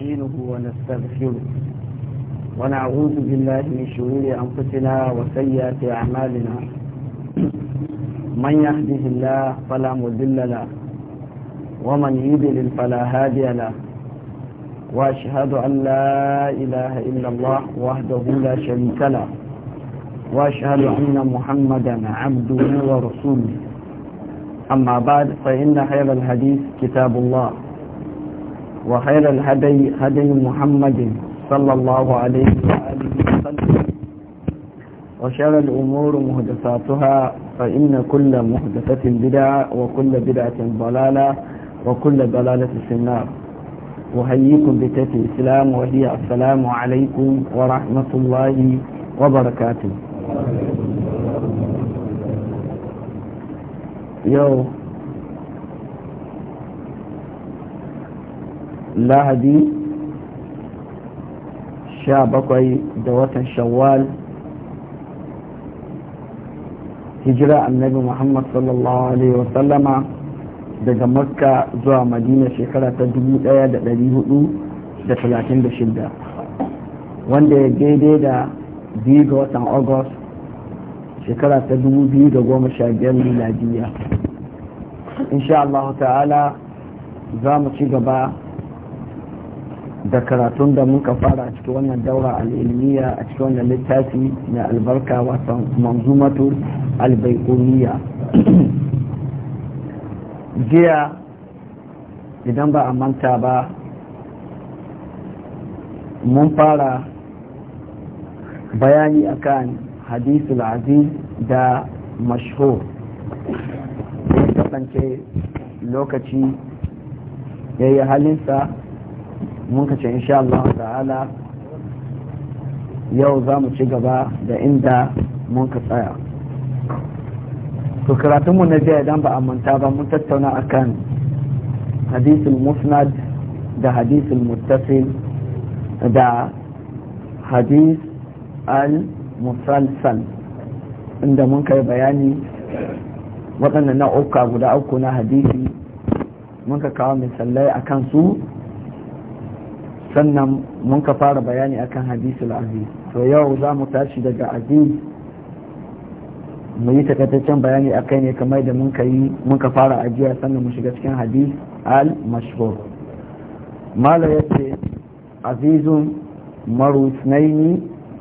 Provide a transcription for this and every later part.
نستعينه ونستغفره ونعوذ بالله من شرور أنفسنا وسيئات أعمالنا من يهده الله فلا مذل له ومن يضلل فلا هادي له وأشهد أن لا إله إلا الله وحده لا شريك له وأشهد أن محمدا عبده ورسوله أما بعد فإن خير الحديث كتاب الله وخير الهدي هدي محمد صلى الله عليه وآله وسلم وشر الأمور مهدساتها فإن كل مهدسة بدعة وكل بدعة ضلالة وكل ضلالة في النار أحييكم بتاتي الإسلام وهي السلام عليكم ورحمة الله وبركاته يوم lahadi sha bakwai da watan shawwal hijira annabi muhammad sallallahu alaihi wasallama daga makka zuwa madina shekara ta shida wanda ya daidai da biyu ga watan august shekara ta 2015 miladiya insha Allah ta'ala za mu ci gaba da karatun da muka fara a cikin wannan daura al'ilmiya a cikin wannan littafi na albarka wasan manzumatu albaikuniya jiya idan ba a manta ba mun fara bayani akan hadisul aziz da mashhur kasance lokaci ya yi halinsa mun ka ce insha Allah ta'ala yau za mu ci gaba da inda mun ka tsaya to karatunmu na jiya idan ba a manta ba mun tattauna akan hadisul musnad da hadisul muttasil da hadis al musalsal inda mun kai bayani na uku guda uku na hadisi mun ka kawo misalai akan su sannan mun ka fara bayani akan hadisul'azi aziz to yau za mu tashi daga aziz mu yi takaitaccen bayani a ne kamar da mun yi mun ka fara ajiya sannan mu shiga cikin hadis al mashhur mala ya ce azizun maru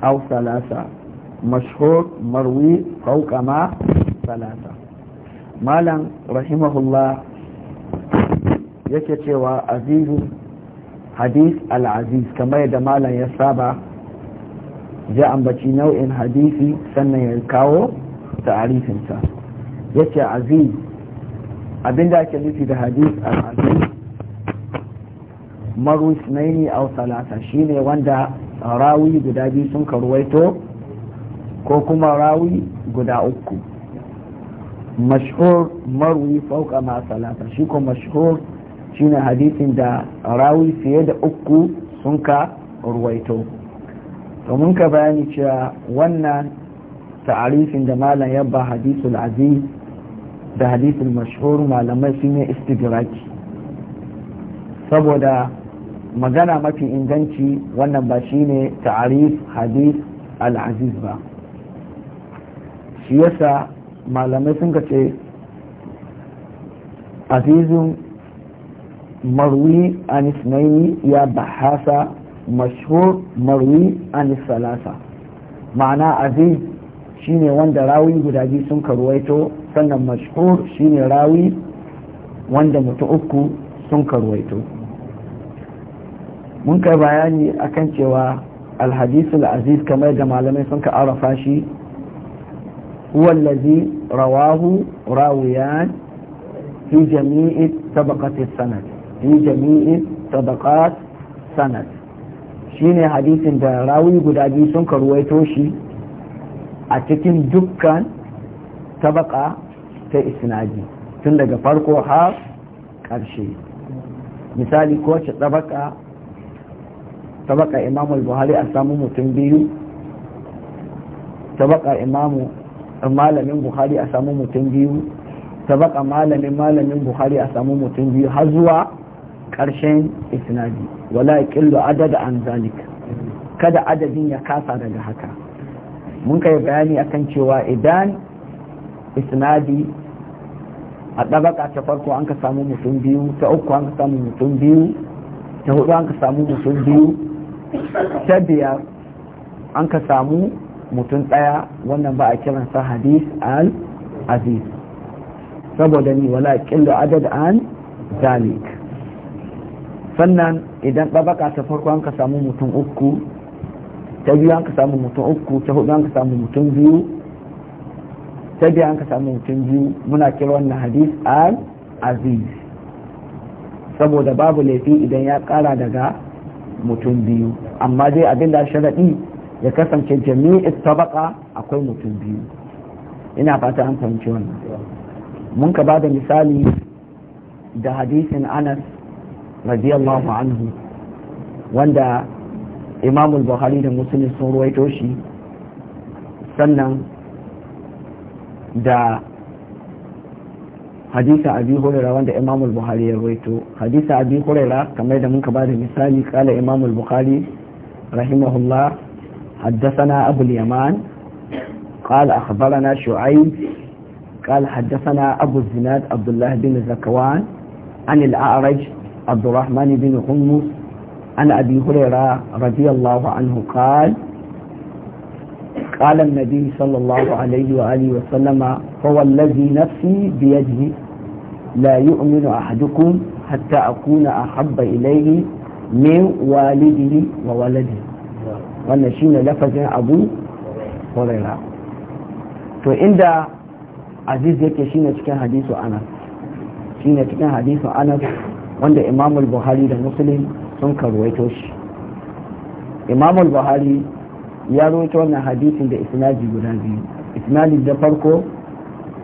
au salasa mashhur marwi fauka ma salasa malam rahimahullah yake cewa azizun hadis al-aziz kamar yadda malam ya saba ya ambaci nau'in hadisi sannan ya kawo ta'arifinsa ya ce aziz abinda ake nufi da hadis al-aziz sunaini au salasa shine wanda rawi guda biyu sun karwaito ko kuma rawi guda uku mashhur marwi fauka ma salasa shi ko mashhur shine hadisin da rawi fiye da uku sun ka ruwaito domin ka bayani cewa wannan ta'arifin da malam ya ba hadisul aziz da hadisul mashhur malamai sun yi istidraki saboda magana mafi inganci wannan ba shine ta'arif hadis al-aziz ba shi yasa malamai sun ce azizun مروي عن ya يا بحاثة مشهور مروي عن الثلاثة معنى عزيز shine wanda rawi guda biyu sun karwaito sannan mashhur shine rawi wanda mutu uku sun karwaito mun kai bayani akan cewa alhadisul kamar da malamai sun ka arafa shi wallazi rawahu rawiyan fi jami'i tabaqati sanad fi jami'i sadaqat sanad shine hadisin da rawi guda biyu sun karwaito shi a cikin dukkan tabaka ta isnadi tun daga farko har ƙarshe misali kowace tabaka tabaka imamu buhari a samu mutum biyu tabaka imamu malamin buhari a samu mutum biyu tabaka malamin malamin buhari a mutum biyu har zuwa ƙarshen isnadi wala yaqillu adada an zalika kada adadin ya kasa daga haka mun kai bayani akan cewa idan isnadi a ɗabaka ta farko an ka samu mutum biyu ta uku an ka samu mutum biyu ta hudu an ka samu mutum biyu ta biyar an ka samu mutum ɗaya wannan ba a kiransa hadis al aziz saboda ni wala ƙillu adad an zalika. sannan idan ɗabaka ta farko an ka samu mutum uku ta biyu an ka samu mutum uku ta hudu an ka samu mutum biyu ta biyu an ka samu mutum biyu muna kira wannan hadis al aziz saboda babu laifi idan ya kara daga mutum biyu amma dai abin da sharaɗi ya kasance jami'in tabaka akwai mutum biyu ina fata an fahimci wannan mun ka ba da misali da hadisin anas radiyallahu anhu wanda imam bukhari da muslim sun ruwaito shi sannan da hadisa abi hurairah wanda imam bukhari ya ruwaito hadisa abi hurairah kamar da muka ba da misali kala imam bukhari rahimahullah حدثنا أبو اليمان قال أخبرنا شعيب قال حدثنا أبو الزناد عبد الله بن زكوان عن الأعرج عبد الرحمن بن حمص عن أبي هريرة رضي الله عنه قال قال النبي صلى الله عليه وآله وسلم هو الذي نفسي بيده لا يؤمن أحدكم حتى أكون أحب إليه من والده وولده wannan shi ne lafazin abu huraira to inda aziz yake shi ne cikin hadisu anas shi ne cikin hadisu anas wanda imamul buhari da muslim sun karwaito shi imamul buhari ya rawaito wannan hadisin da isnadi guda biyu isnadi da farko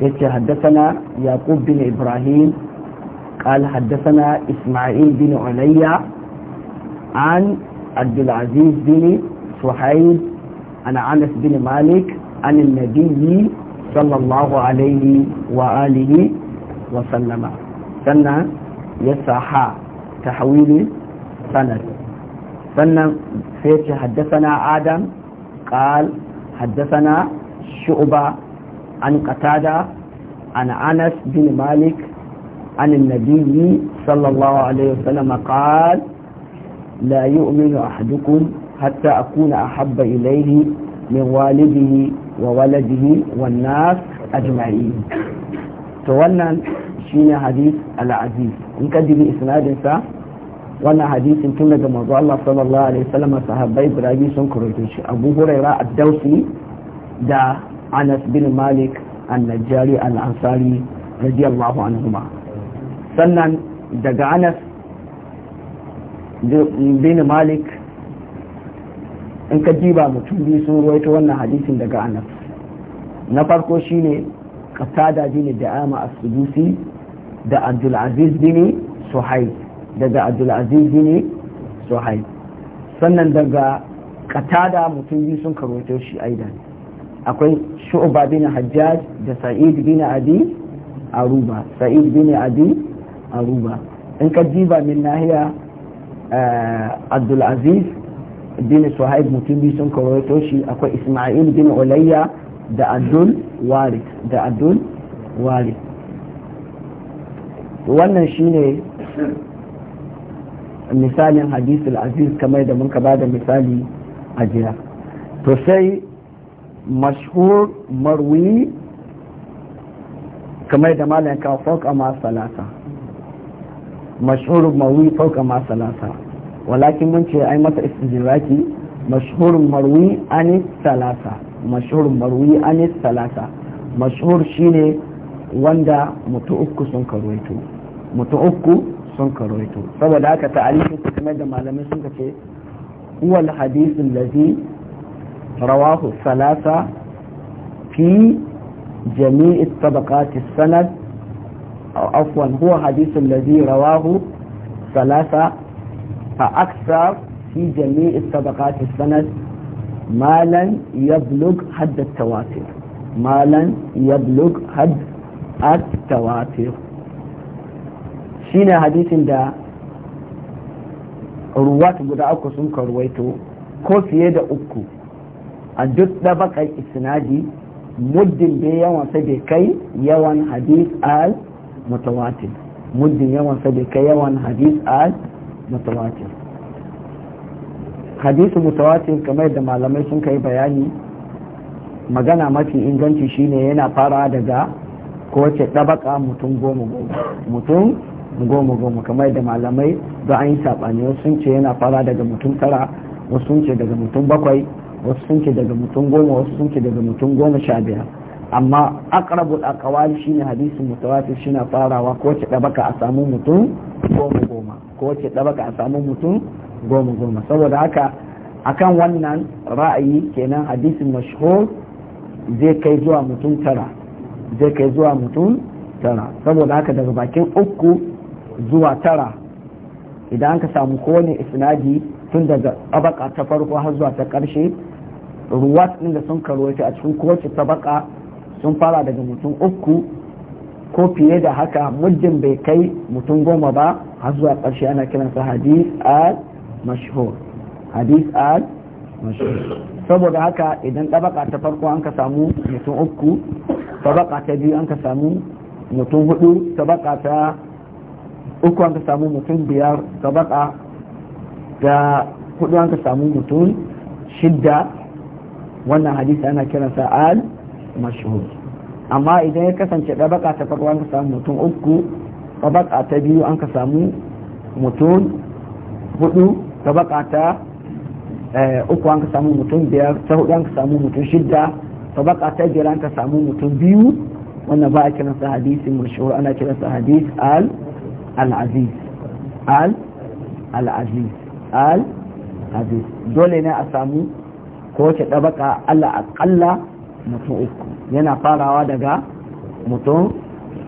yace haddasana yaqub bin ibrahim قال حدثنا إسماعيل بن علي عن عبد العزيز بن سحيل عن أنس بن مالك عن النبي صلى الله عليه وآله وسلم سنة ya ha ta hawili sanar sannan sai ce haddasa adam ƙal haddasa na an katada an anas bin malik an nabiyyi sallallahu alaihi wasallam ƙal la yu'minu ahadukum hatta akuna ahabba ilayhi min walidihi wa waladihi wannan ajma'i to wannan shine hadith al-aziz in ka dibi isnadin sa wannan hadisin tun daga manzo Allah sallallahu alaihi wasallam sahabbai ibrahim sun kuroke shi Abu Huraira ad-Dawsi da Anas bin Malik an-Najjari al-Ansari radiyallahu anhuma sannan daga Anas bin Malik in ka jiba mutum biyu sun ruwaito wannan hadisin daga Anas na farko shine Qatada bin Da'ama as-Sudusi da abdulaziz bin suhaib daga abdulaziz bin suhaib sannan daga katada mutum biyu sun karoto shi aidan akwai shu'ba bin hajjaj da sa'id bin abi aruba sa'id bin abi aruba in ka jiba min nahiya eh, abdulaziz bin suhaib mutum biyu sun karoto shi akwai isma'il bin ulayya da abdul warid da abdul warid wannan shine misalin hadisul aziz kamar da mun ka ba da misali a jiya to sai mashhur marwi kamar da malayan kawo fauka ma salata mashhur marwi fauka ma salata walakin mun ce ai mata istijiraki mashhur marwi anis salata mashhur marwi anis salata mashhur shine wanda mutu uku sun karwaito متوكو سنكرويتو sun karoito saboda haka ta'alifin su kamar da malamai sun ce huwa جميع الطبقات السند أو عفوا هو الحديث الذي رواه ثلاثة فأكثر في جميع الطبقات السند ما لن يبلغ حد التواتر ما لن يبلغ حد التواتر shine hadisin da ruwatu guda uku sun karwaito ko fiye da uku a duk ɗabaƙar isnadi muddin da yawan sa kai yawan hadis al mutawatir muddin yawan sa kai yawan hadis al mutawatir hadisu mutawatir kamar da malamai sun kai bayani magana mafi inganci shine yana fara daga kowace ɗabaƙa mutum goma goma mutum goma goma kamar da malamai da an yi saɓani wasu sun ce yana fara daga mutum tara wasu sun ce daga mutum bakwai wasu sun ce daga mutum goma wasu sun ce daga mutum goma sha biyar amma a aqwal shine hadisin mutawatir shine farawa ko ce baka a samu mutum goma goma ko ce baka a samu mutum goma goma saboda haka akan wannan ra'ayi kenan hadisin mashhur zai kai zuwa mutum tara zai kai zuwa mutum tara saboda haka daga bakin uku zuwa tara idan ka samu kowane isnadi tun daga tabaka ta farko har zuwa ta karshe ruwat ɗin da sun karwace a cikin kowace tabaka sun fara daga mutum uku ko fiye da haka muddin bai kai mutum goma ba har zuwa ƙarshe ana kiransa hadis al mashhur hadis al mashhur saboda haka idan tabaka ta farko an ka samu mutum uku tabaka ta biyu an ka samu mutum hudu tabaka ta uku an ka samu mutum biyar tabaka da hudu an ka samu mutum shidda wannan hadisi ana kiransa al mashhur amma idan ya kasance tabaka ta farko an ka samu mutum uku tabaka ta biyu an ka samu mutum hudu tabaka ta eh, uku an ka samu mutum biyar ta hudu an ka samu mutum shidda tabaka ta biyar an ka samu mutum biyu wannan ba a kiransa hadisi mashhur ana kiransa hadis al Al'aziz al-aziz dole ne a samu kowace ɗabaka Allah aƙalla mutum uku yana farawa daga mutum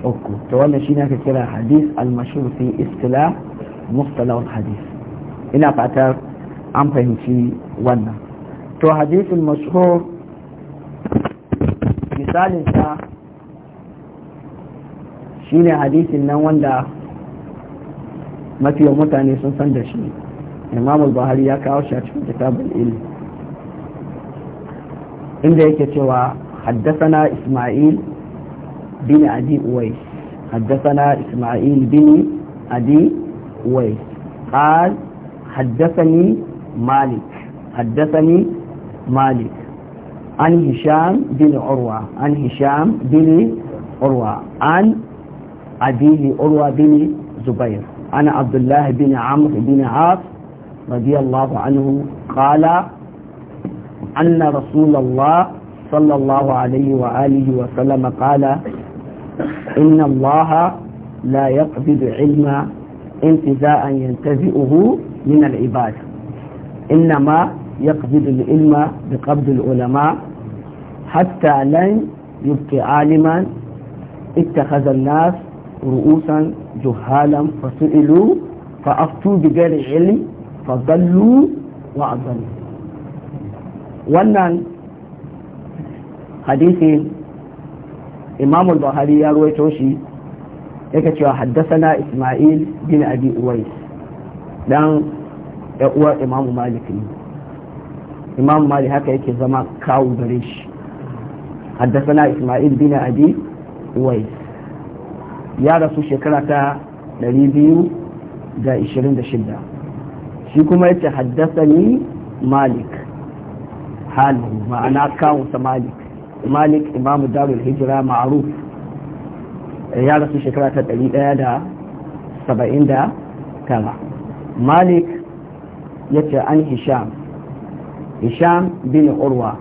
uku to wannan ne ka kira hadis al-mashhur fi istila mustalah hadis ina fatar an fahimci wannan to hadisin al-mashhur misalin shi ne hadisin nan wanda mafiyan mutane sun san da shi imam buhari ya kawo shi a cikin kitabul ilm inda yake cewa حدثنا إسماعيل بن أبي أويس حدثنا إسماعيل بن أبي أويس قال حدثني مالك حدثني مالك عن هشام بن عروة عن هشام بن عروة عن أبيه عروة بن زبير عن عبد الله بن عمرو بن عاص رضي الله عنه قال أن رسول الله صلى الله عليه وآله وسلم قال إن الله لا يقبض علم انتزاء ينتزئه من العباد إنما يقبض العلم بقبض العلماء حتى لن يبقي عالما اتخذ الناس ru'usan juhalan fasu'ilu fa'aftu bi gari ilmi fa gallu wa adallu wannan hadisi imam al-buhari ya ruwaito shi yake cewa haddasana isma'il bin abi uwais dan ya uwa imam malik ne imam malik haka yake zama kawo gare shi haddasana isma'il bin abi uwais ya rasu shekara ta 226 shi kuma yace ni malik halu ma'ana kawunsa malik malik imamu darul hijira ma'aruf ya rasu shekara ta 179 malik ya ce an hisham hisham bin urwa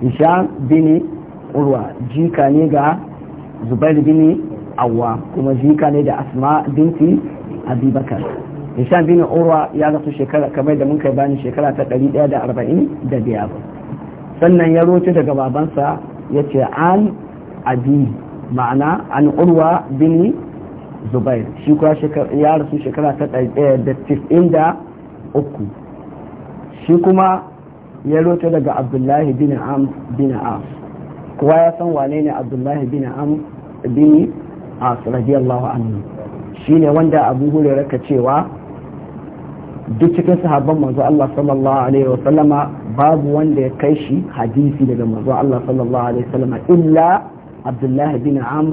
hisham bin urwa jika ne ga Zubairu bin awwa kuma jika ne da asma binti abubakar hisham bin urwa ya rasu shekara kamar da mun kai bani shekara ta biyar. sannan ya roce daga babansa ya ce an abi ma'ana an urwa bin zubair shi kuwa ya rasu shekara ta 93 shi kuma ya roce daga abdullahi bin am bin as kowa ya san wane ne abdullahi bin am bin as radiyallahu anhu shine wanda abu hurairah ka cewa duk cikin sahabban manzo Allah sallallahu alaihi wa sallama babu wanda ya kai shi hadisi daga manzo Allah sallallahu alaihi wa sallama illa abdullahi bin am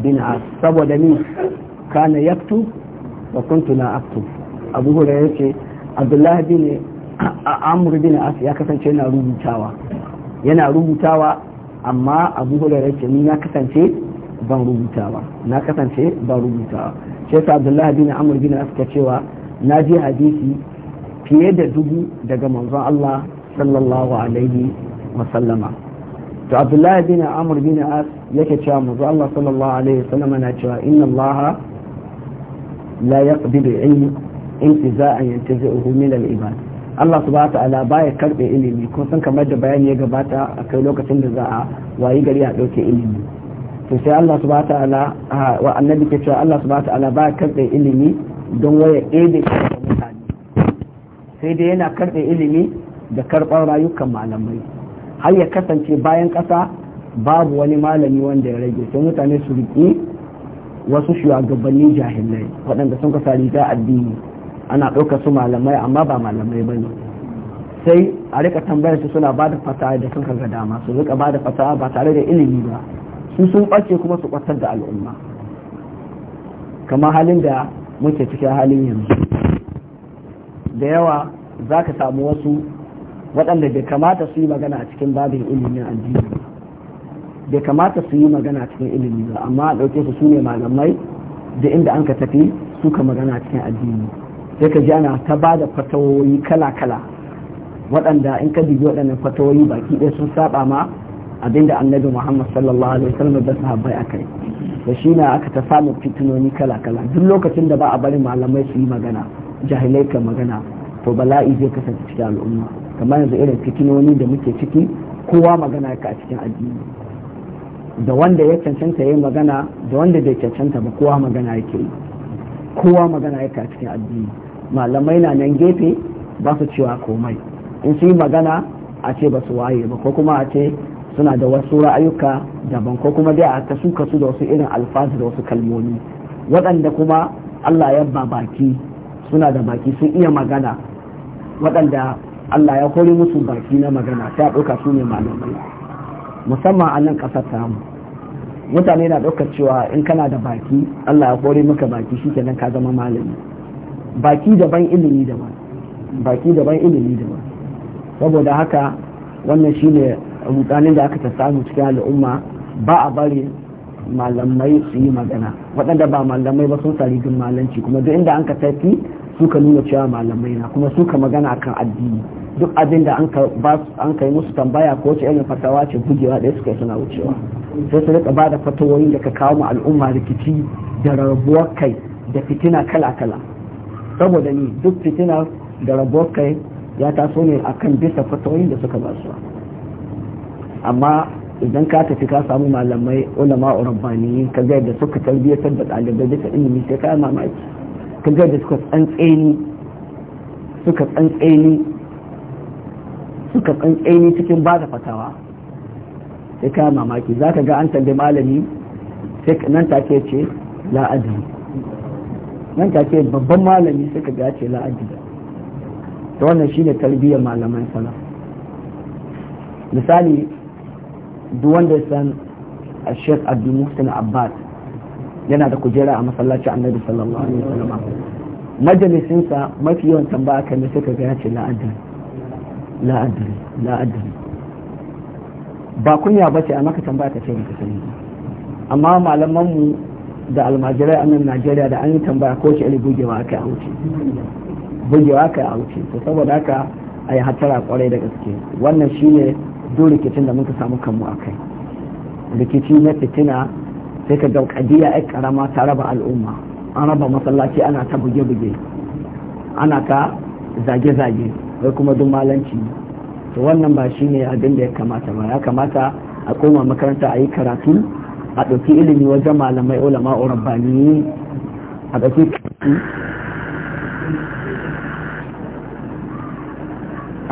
bin as saboda ni kana yaktu wa kuntu na aktu abu ya yace abdullahi bin amr bin as ya kasance yana rubutawa yana rubutawa amma abu hulaira ce ni na kasance ban rubuta ba na kasance ban rubuta ba shi yasa abdullahi bin amur bin suka cewa na ji hadisi fiye da dubu daga manzon Allah sallallahu alaihi wa sallama to abdullahi bin amur bin as yake cewa manzon Allah sallallahu alaihi wa sallama na cewa inna Allah la yaqbidu ilmi intiza'an yantazi'uhu min al-ibad Allah subhanahu ta'ala baya karɓe ilimi ko sun kamar da bayani ya gabata a kai lokacin da za a wayi gari a ɗauke ilimi to sai Allah ta ta'ala wa annabi ke cewa Allah subhanahu ta'ala baya karɓe ilimi don waya ɗebe da mutane sai dai yana karɓe ilimi da karɓar rayukan malamai har ya kasance bayan ƙasa babu wani malami wanda ya rage sai mutane su riƙi wasu shugabanni jahilai waɗanda sun kasa riga addini ana ɗauka su malamai amma ba malamai ba ne sai a rika tambayar su suna ba da fasaha da sun ga dama su rika ba da fasaha ba tare da ilimi ba su sun ɓace kuma su kwatar da al'umma kamar halin da muke cikin halin yanzu da yawa za ka samu wasu waɗanda bai kamata su yi magana a cikin babin ilimin addini bai kamata su yi magana a cikin ilimi ba amma a ɗauke su su ne malamai da inda an ka tafi suka magana cikin addini sai ka ji ana ta ba da fatawoyi kala-kala waɗanda in ka dubi waɗannan fatawoyi baki ɗaya sun saba ma abinda annabi muhammad sallallahu alaihi wasallam da sahabbai akai da shi na aka ta samu fitinoni kala-kala duk lokacin da ba a bari malamai su yi magana jahilai ka magana to bala'i zai kasance cikin al'umma kamar yanzu irin fitinoni da muke ciki kowa magana ka a cikin addini da wanda ya cancanta ya magana da wanda bai cancanta ba kowa magana yake yi kowa magana ya a cikin addini malamai na nan gefe ba su cewa komai in su yi magana a ce ba su waye ba ko kuma a ce suna da wasu ra'ayuka daban ko kuma dai a su kasu da wasu irin alfazu da wasu kalmomi waɗanda kuma Allah ya ba baki suna da baki sun iya magana waɗanda Allah ya kori musu baki na magana ta ɗauka su ne malamai musamman a nan ƙasar tamu mutane na ɗaukar cewa in kana da baki Allah ya kore maka baki shi kenan ka zama malami baki daban ilimi daban baki daban ilimi daban saboda haka wannan shi shine rudanin da aka ta samu cikin al'umma ba a bari malamai su yi magana waɗanda ba malamai ba sun sari malanci kuma duk inda an ka tafi suka nuna cewa malamai na kuma suka magana akan addini duk abin da an kai musu tambaya ko wace irin fatawa ce gujewa ɗaya suka yi suna wucewa sai su rika ba da fatawoyin da ka kawo mu al'umma rikici da rabuwar kai da fitina kala-kala saboda ni duk fitina da rabuwar kai ya taso ne akan bisa fatawoyin da suka ba su amma idan ka tafi ka samu malamai ulama rabbaniyin ka ga da suka tarbiyyatar da ɗalibai duka ilimi sai ka mamaki ka ga da suka tsantseni suka tsantseni suka tsantseni cikin ba da fatawa sai ka mamaki za ka ga an tambayi malami sai nan take ce la'adi nan take babban malami sai ka ga ce la'adi ta wannan shi ne tarbiyyar malaman sana misali duk wanda san a sheikh abdul muhsin abbas yana da kujera a masallaci annabi sallallahu alaihi wasallam majalisinsa mafi yawan tambaya kan me suka ga ya ce la'adari la'adari la'adari ba kunya bace a maka tambaya ka ce baka sani amma malaman mu da almajirai a nan Najeriya da an yi tambaya ko ce bugewa kai a wuce bugewa kai a wuce to saboda haka a yi hatara kwarai da gaske wannan shine duk rikicin da muka samu kanmu a kai rikici na fitina sai ka ga ya ai karama ta raba al'umma an raba masallaci ana ta buge-buge ana ta zage-zage wai kuma duk malanci to wannan ba shi ne abin da ya kamata ba ya kamata a koma makaranta a yi karatu a ɗauki ilimi wajen malamai ulama rabbani a ɗauki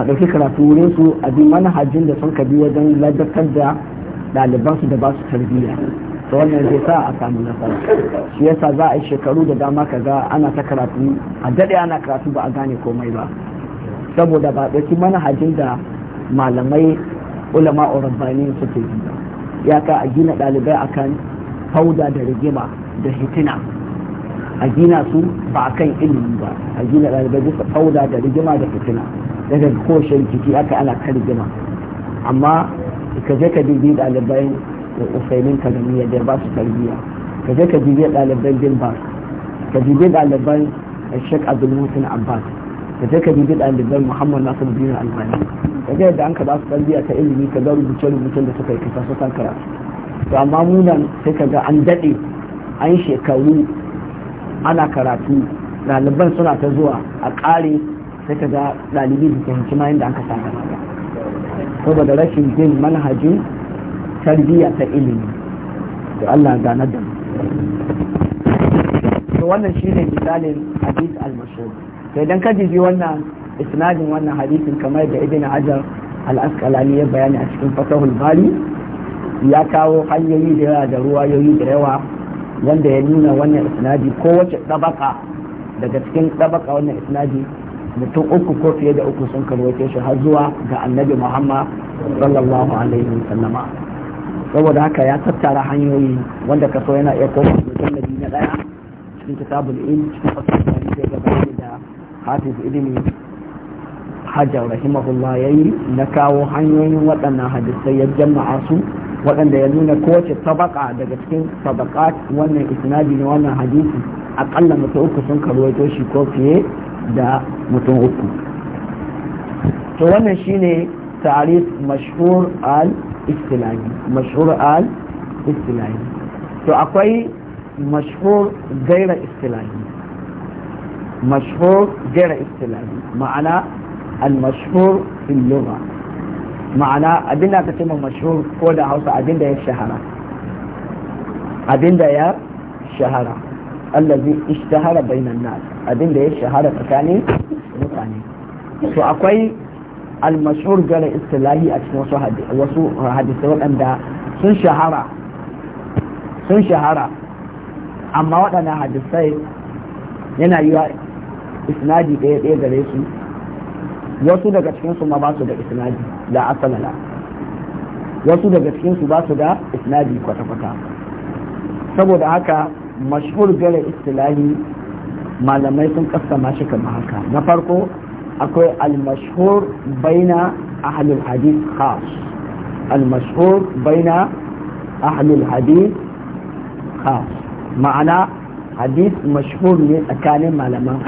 a ɗauki karatu wurin su a bi manhajin da sun kabi wajen ladabtar da ɗalibansu da ba su tarbiyya da wannan zai sa a samu nasara shi yasa za a yi shekaru da dama ka ga ana ta karatu a daɗe ana karatu ba a gane komai ba saboda ba ɗauki manhajin da malamai ulama urabbani suke yi ya ka a gina ɗalibai akan fauda da rigima da hitina a gina su ba a kan ilimi ba a gina ɗalibai bisa fauda da rigima da fitina daga koshin jiki aka ana kan rigima amma ka je ka dubi ɗalibai usaimin kalmiya da ba su kalmiya ka je ka jibe ɗaliban bin ba ka jibe ɗaliban shek abdul musin abbas ka je ka jibe ɗaliban muhammad da bin albani ka je da an ka ba su kalmiya ta ilimi ka ga rubuce-rubucen da suka yi kasa su kan karatu to amma munan sai ka ga an daɗe an shekaru ana karatu ɗaliban suna ta zuwa a ƙare sai ka ga ɗalibi da fahimci ma yadda an ka sa saboda rashin bin manhajin tarbiyya ta ilimi to Allah gane da to wannan shine misalin hadith al-mashhur sai dan kaji bi wannan isnadin wannan hadisin kamar da ibn hajar al-asqalani ya bayani a cikin fatahul bari ya kawo hanyoyi da yawa da ruwayoyi da yawa wanda ya nuna wannan isnadi ko wace tabaka daga cikin tabaka wannan isnadi mutum uku ko fiye da uku sun karwace shi har zuwa ga annabi muhammad sallallahu alaihi wasallama saboda haka ya tattara hanyoyi wanda ka yana iya koma mujallabi na daya cikin da ilm cikin fasaha da ne da hafiz ilimi hajar rahimahullah yi na kawo hanyoyin waɗannan hadisai ya jama'a su waɗanda ya nuna kowace tabaka daga cikin tabakat wannan isnadi na wannan hadisi akalla mutum uku sun karwaito shi ko fiye da mutum uku to wannan shine التعريف مشهور آل إستلاعي مشهور آل إستلاعي تعقي مشهور غير إستلاعي مشهور غير إستلاعي معنى المشهور في اللغة معنى أبنى كتم مشهور كودا حوصة أبنى يا شهرة أبنى يا شهرة الذي اشتهر بين الناس أبنى يا شهرة فكاني مطاني تعقي al-mashhur gara istilahi a cikin wasu wasu hadisai waɗanda sun shahara sun shahara amma waɗannan hadisai yana yi wa isnadi ɗaya ɗaya gare su wasu daga cikin su ma ba su da isnadi da asalala wasu daga cikin su ba su da isnadi kwata-kwata saboda haka mashhur gare istilahi malamai sun kasta shi kamar haka na farko akwai al-mashhur baina ahlul hadith khas al-mashhur baina ahlul hadith khas ma'ana hadith mashhur ne tsakanin malaman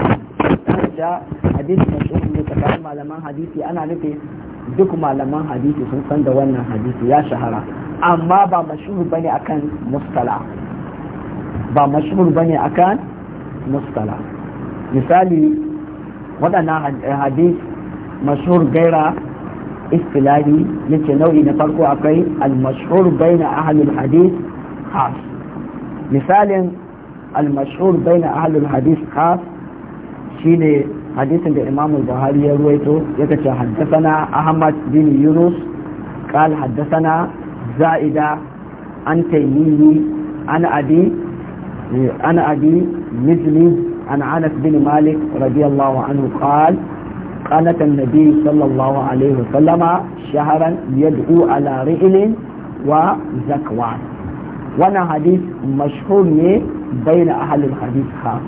da hadith mashhur ne tsakanin malaman hadisi ana nufi duk malaman hadisi sun san da wannan hadisi ya shahara amma ba mashhur bane akan mustala ba mashhur bane akan mustala misali waɗannan eh, hadis mashhur gaira istilahi yace nau'i na farko akwai al-mashhur baina ahlul hadis khas misalin al-mashhur baina ahlul hadis khas shine hadisin da Imam buhari ya ruwaito yake ce haddathana Ahmad bin Yunus قال حدثنا زائدة عن تيميه عن أبي عن أبي مثلي عن عنس بن مالك رضي الله عنه قال قالت النبي صلى الله عليه وسلم شهرا يدعو على رئل وزكوان وانا حديث مشهور بين أهل الحديث خاص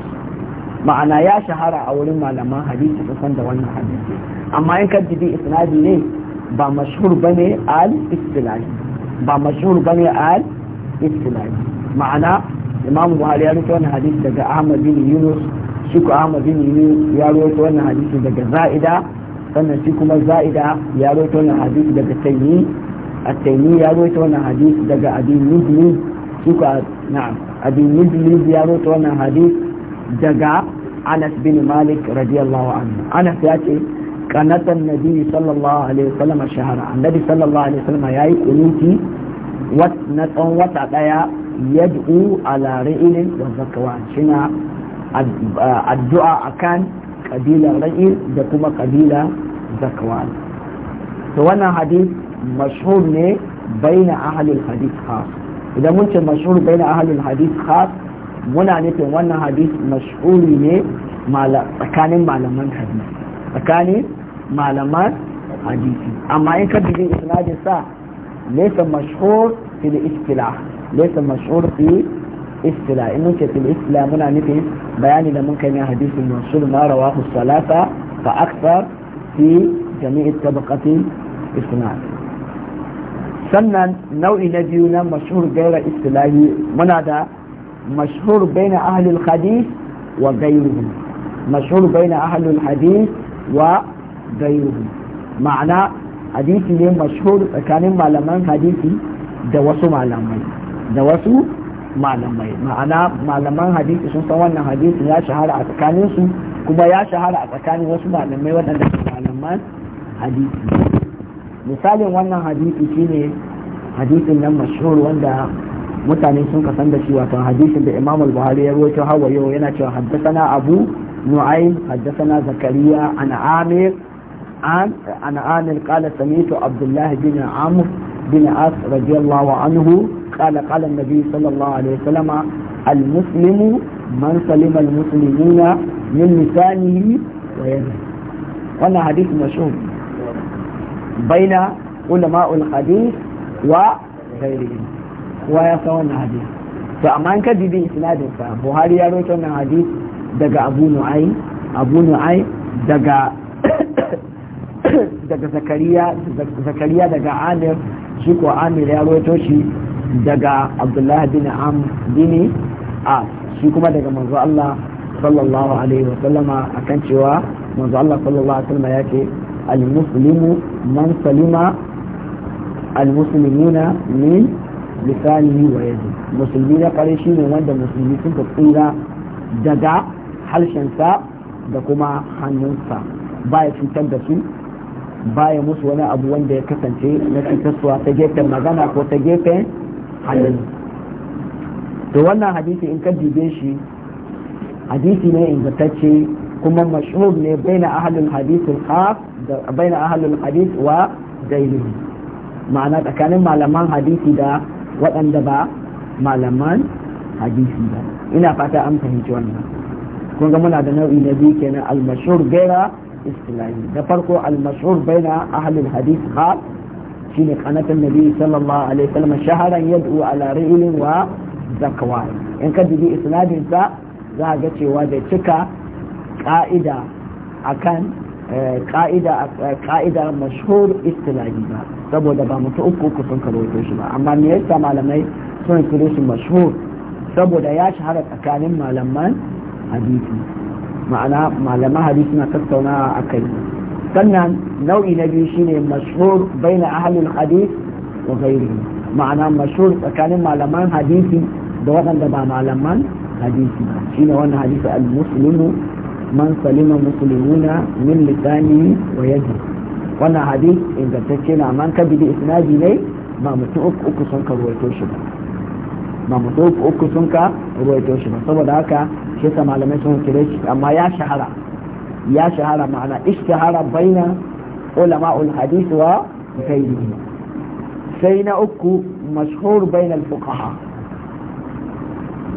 ma'ana ya shahara a wurin malaman hadisi kusan da wannan hadisi amma in ka jibi isnadi ne ba mashhur bane al istilahi ba mashhur bane al istilahi ma'ana imam buhari ya rufe wannan hadisi daga ahmad bin yunus shi ko ahmad bin yunus ya rufe wannan hadisi daga za'ida sannan shi kuma za'ida ya rufe wannan hadisi daga tayyi a tayyi ya rufe wannan hadisi daga abin nibli shi ko na'am abin nibli ya rufe wannan hadisi daga anas bin malik radiyallahu anhu anas ya ce kanatan nabi sallallahu alaihi wasallam shahara annabi sallallahu alaihi wasallam yayi kunuti na tsawon wata daya yad'u ala ra'ilin wa zakawan uh, addu'a akan kabila ra'il da kuma kabila zakawan to wannan hadith mashhur ne baina ahlul hadith khas idan mun ce mashhur baina ahlul hadith khas muna nufin wannan hadith mashhuri ne tsakanin malaman hadisi tsakanin malaman hadisi amma in ka bi isnadin mashhur fil istilah ليس مشهور في استلاء إنك الإسلاء منا نبي بياني لممكن يا حديث المنصول ما رواه الصلاة فأكثر في جميع الطبقة الإسلاء سنة نوع نبينا مشهور غير استلاء منا دا مشهور بين أهل الحديث وغيرهم مشهور بين أهل الحديث وغيرهم معنى حديثي مشهور كان معلمان حديثي دوسو معلمان da wasu malamai ma'ana malaman hadisi sun san wannan hadisi ya shahara a tsakanin su kuma ya shahara a tsakanin wasu malamai waɗanda su malaman hadisi misalin wannan hadisi shine hadisin nan mashhur wanda mutane sun kasan da shi wato hadisin da Imam al-Buhari ya rawaito hawa yau yana cewa haddathana Abu Nu'aym haddathana Zakariya an Amir an an Amir qala sami'tu Abdullah bin Amr bin As radiyallahu anhu قال قال النبي صلى الله عليه وسلم المسلم من سلم المسلمين من لسانه ويده وانا حديث مشهور بين علماء الحديث وغيرهم ويسوون الحديث فأما أنك دي دي إسناد بوهاري يروي الحديث دقى أبو نعيم أبو نعيم دقى daga zakariya daga amir shi ko amir ya roto shi daga abdullah bin am dini a shi kuma daga manzo Allah sallallahu alaihi wa sallama akan cewa manzo Allah sallallahu alaihi wa sallama yake al-muslimu man salima al-muslimuna min lisanihi wa yadi musulmi na kare shi ne wanda musulmi sun tsira daga sa da kuma hannunsa baya cutar da su baya musu wani abu wanda ya kasance na cutarwa ta gefen magana ko ta gefen to wannan hadisi in ka dube shi hadisi ne ingantacce kuma mashhur ne baina ahlul hadith al da baina ahlul hadith wa gairihi ma'ana tsakanin malaman hadisi da waɗanda ba malaman hadisi ba ina fata an fahimci wannan kun ga muna da nau'i na biyu kenan al-mashhur gaira istilahi da farko al-mashhur baina ahlul hadith khaf shine qanatan nabi sallallahu alaihi wasallam shaharan yad'u ala ra'ilin wa zakwan in ka dubi isnadin sa za ga cewa da cika ka'ida akan eh, ka'ida eh, ka'ida mashhur istilahi ba saboda ba mutu uku uku sun karoto shi ba amma me yasa malamai sun kiro shi mashhur saboda ya shahara tsakanin malaman hadisi ma'ana malaman hadisi na tattaunawa akai sannan nau'i na biyu shine mashhur baina ahlul hadith wa ghairihi ma'ana mashhur tsakanin malaman hadisi da waɗanda ba malaman hadisi ba shine wannan hadisi al-muslimu man salima muslimuna min lisanihi wa yadihi wannan hadis ingantacce na man kabi da isnadi ne ba mutum uku uku sun ka ruwaito shi ba ba mutum uku uku sun ka ruwaito shi ba saboda haka shi sa malamai sun kire shi amma ya shahara ya shahara ma'ana ishtahara baina ulama'ul hadith wa ghayrihim sai na uku mashhur bainal fuqaha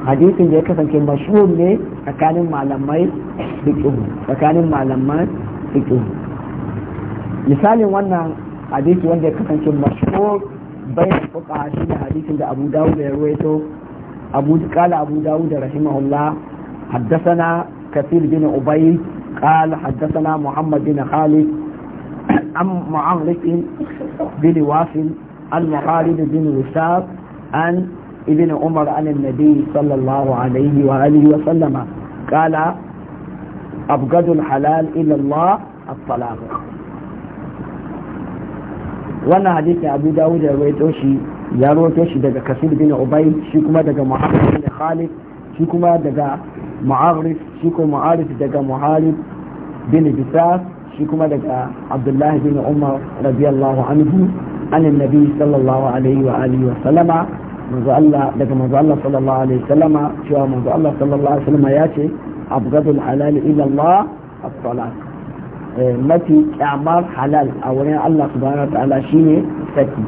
hadisin da ya kasance mashhur ne tsakanin malamai fiqh tsakanin malaman fiqh misalin wannan hadisi wanda ya kasance mashhur bainal fuqaha shine hadisin da Abu Dawud ya rawaito Abu qala Abu Dawud rahimahullah حدثنا كثير بن أبي قال حدثنا محمد بن خالد عن معمرك بن وافل عن مخالد بن وساب عن ابن عمر عن النبي صلى الله عليه وآله وسلم قال أبغض الحلال إلى الله الطلاق wannan hadisi abu dawud ya rawaito shi ya rawaito shi daga kasir bin ubay shi kuma daga muhammad bin khalid shi kuma daga mu'arif shi ko mu'arif daga muharib bin bisas shi kuma daga abdullahi bin umar radiyallahu anhu an annabi sallallahu alaihi wa alihi wa sallama manzo Allah daga manzo Allah sallallahu alaihi wa sallama cewa manzo Allah sallallahu alaihi wa sallama yace ce abghadul halal ila Allah as-salat eh, mafi kyamar halal a wurin Allah subhanahu wa ta'ala shine saki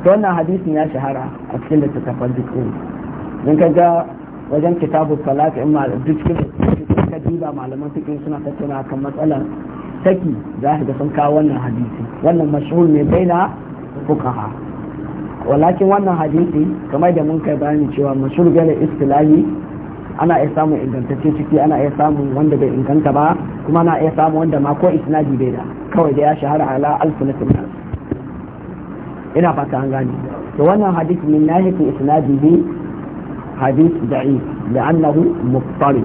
to wannan hadisin ya shahara a cikin littattafan dukkan in kaga wajen kitabu salat in ma duk cikin kadiba malaman fiqh suna tattauna kan matsalar saki za ka ga sun kawo wannan hadisi wannan mashhur ne baina fuqaha walakin wannan hadisi kamar da mun kai bayani cewa mashhur gane istilahi ana iya samun ingantacce ciki ana iya samun wanda bai inganta ba kuma ana iya samun wanda ma ko isnadi bai da kawai da ya shahara ala na nas ina fata an gani. to wannan hadisi min isnadi bi حديث ضعيف لأنه مضطرب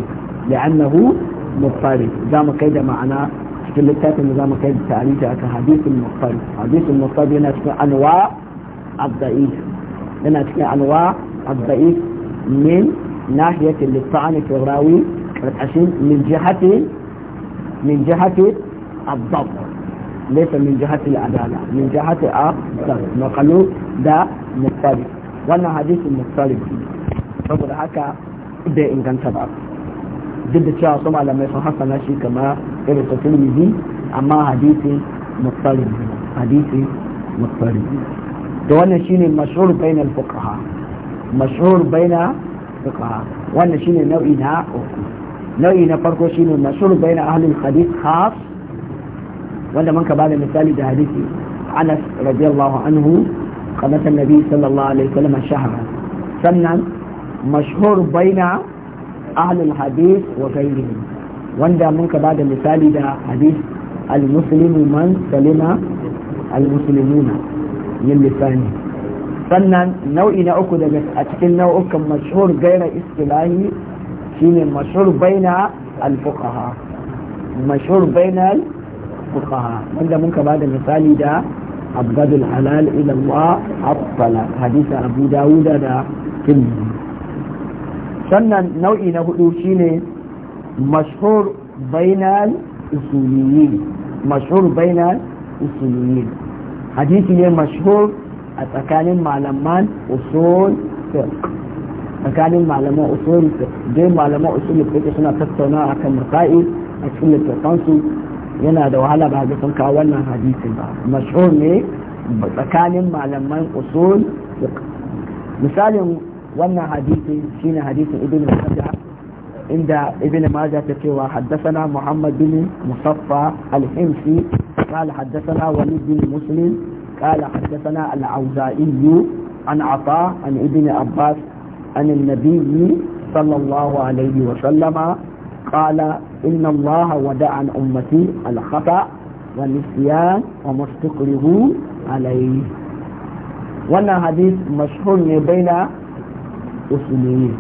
لأنه مضطرب زي ما كده معنا في الكتاب زي ما كده تعريجه كحديث المضطرب حديث المضطرب هنا في أنواع الضعيف هنا في أنواع الضعيف من ناحية الطعن في الراوي من جهة من جهة الضبط ليس من جهة العدالة من جهة الضبط ما قالوا ده مضطرب وانا حديث مضطرب saboda haka bai inganta ba duk da cewa su malamai sun hasana shi kama irin ta turmizi amma hadisi mutsari hadisi mutsari da wannan shine mashhur baina al-fuqaha mashhur baina fuqaha wannan shine nau'i na uku nau'i na farko shine mashhur baina ahli al-hadith khas wanda man ka bada misali da hadisi Anas radiyallahu anhu qamata an-nabi sallallahu alaihi wasallam shahra sannan mashhur baina ahlul hadith wa ghairihi wanda mun ka bada misali da hadith al-muslimu man salima al-muslimuna yin lisani sannan nau'i na uku daga a cikin nau'ukan mashhur gaira istilahi shine mashhur baina al-fuqaha mashhur baina al-fuqaha wanda mun ka bada misali da abgadul halal ila Allah abdala hadisa abu dawuda da tilmi sannan nau'i na hudu shine mashhur bainal usuliyin mashhur bainal usuliyin hadisi ne mashhur a tsakanin malaman usul tsakanin malaman usul dai malaman usul fiqh suna tattauna akan masail a cikin su yana da wahala ba ga sun kawo wannan hadisi ba mashhur ne tsakanin malaman usul misalin وانا حديث شين حديث ابن Majah عند ابن ماجه ta حدثنا محمد بن مصطفى الحمسي قال حدثنا وليد بن مسلم قال حدثنا العوزائي عن عطاء عن ابن عباس عن النبي صلى الله عليه وسلم قال إن الله ودع عن أمتي الخطأ والنسيان وما عليه وانا حديث مشهور بين usuliyin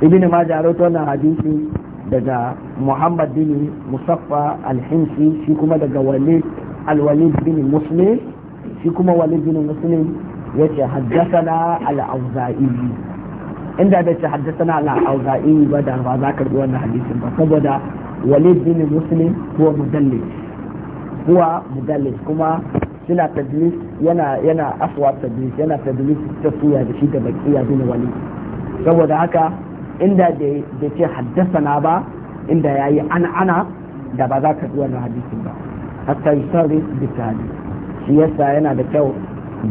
ibn majah rawaito wannan hadisi daga muhammad bin musaffa al-himsi shi kuma daga walid al-walid bin muslim shi kuma walid bin muslim yace haddathana al-auza'i inda da ce haddathana al-auza'i ba da ba za ka wannan hadisin ba saboda walid bin muslim huwa mudallis huwa mudallis kuma suna tadlis yana yana afwa tadlis yana tadlis ta suya da shi da baqiya bin wani saboda haka inda da ce na ba inda yayi yi ana da ba za ka ji wannan hadisin ba hatta yusarri bi tadi shi yasa yana da kyau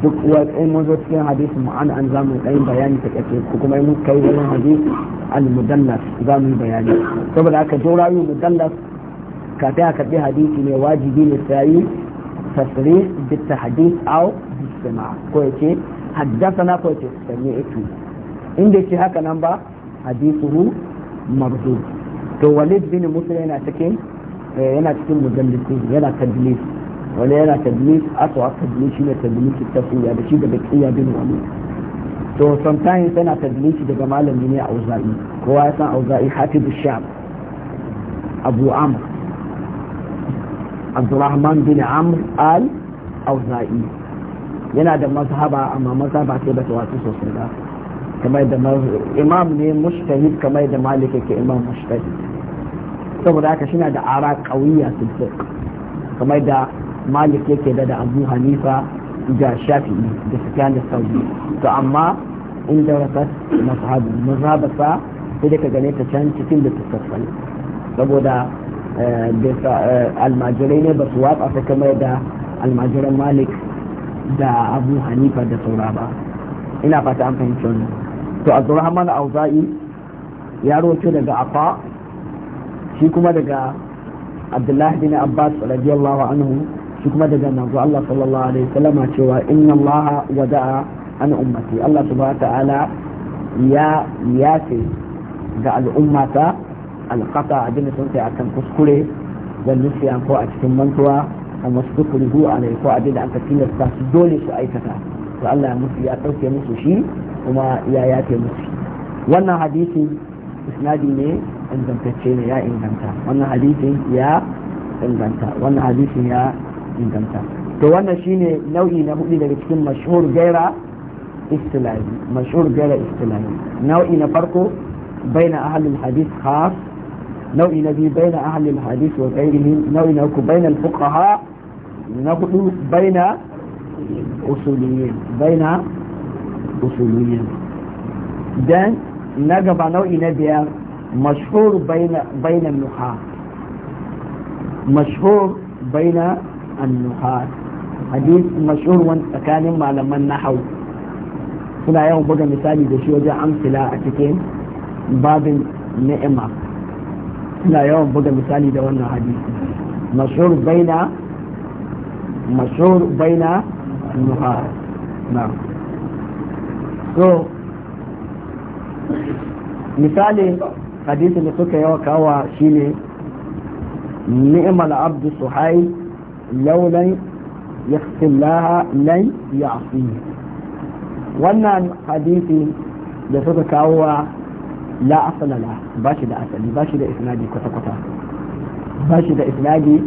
duk wani mun zo cikin hadisi mu an an zamu dan bayani ta kace ko kuma mun kai wani hadisi al mudallas zamu bayani saboda haka jawrawi mudallas ka ta ka hadisi ne wajibi ne sai tasrih bit tahdith aw bisma ko yace haddathana ko yace sami'tu inda yace haka nan ba hadithuhu mardud to walid bin musa yana cikin yana cikin mujallisi yana tadlis wani yana tadlis aswa tadlis shine tadlis tafiya da shi da bakiya bin walid to sometimes yana tadlisi daga malami ne auza'i kowa ya san auza'i hatibu abu ama. abdurrahman bin amr al auza'i yana da mazhaba amma mazhaba sai ba ta wasu sosai ba kamar da imam ne mushtahid kamar da malik yake imam mushtahid saboda haka shi da ara kawiya sosai kamar da malik yake da da abu hanifa da shafi'i da sufyan da sauri to amma in da rasat mazhabu mazhabasa sai da ka gane ta can cikin da tattafai saboda almajirai ne ba su watsa ta kamar da almajiran malik da abu hanifa da saura ba ina fata an fahimci wannan to abdurrahman auza'i ya roce daga afa shi kuma daga abdullahi bin abbas radiyallahu anhu shi kuma daga nazo Allah sallallahu alaihi wasallam cewa inna Allah wada'a an ummati Allah subhanahu wa ta'ala ya yafe ga al'ummata alƙafa abin da sun kai akan kuskure wani siyan ko a cikin mantuwa a masu tukurihu a ko abin da aka tilasta su dole su aikata to Allah ya musu ya ɗauke musu shi kuma ya yafe musu wannan hadisin isnadi ne ingantacce ne ya inganta wannan hadisin ya inganta wannan hadisin ya inganta to wannan shine nau'i na hudu daga cikin mashhur gaira istilahi mashhur gaira istilahi nau'i na farko baina ahlul hadith khas نوع نبي بين أهل الحديث وغيرهم نوع نوكو بين الفقهاء نقول بين أصوليين بين أصوليين دان نقبع نوع نبي مشهور بين بين النحاة مشهور بين النحاة حديث مشهور وان كان ما لما نحو هنا يوم بقى مثالي دشيو جا أمثلة أتكين باب نعمة ina yawan buga misali da wannan hadisi mashhur baina mashhur baina nuha na so misali hadisin da suka yawa kawa shine ni'mal abdu suhail laulan yakhsi Allah lan ya'si wannan hadisi da suka kawo لا أصل له باش دا أصل باش دا إسنادي كتا كتا باش دا إسنادي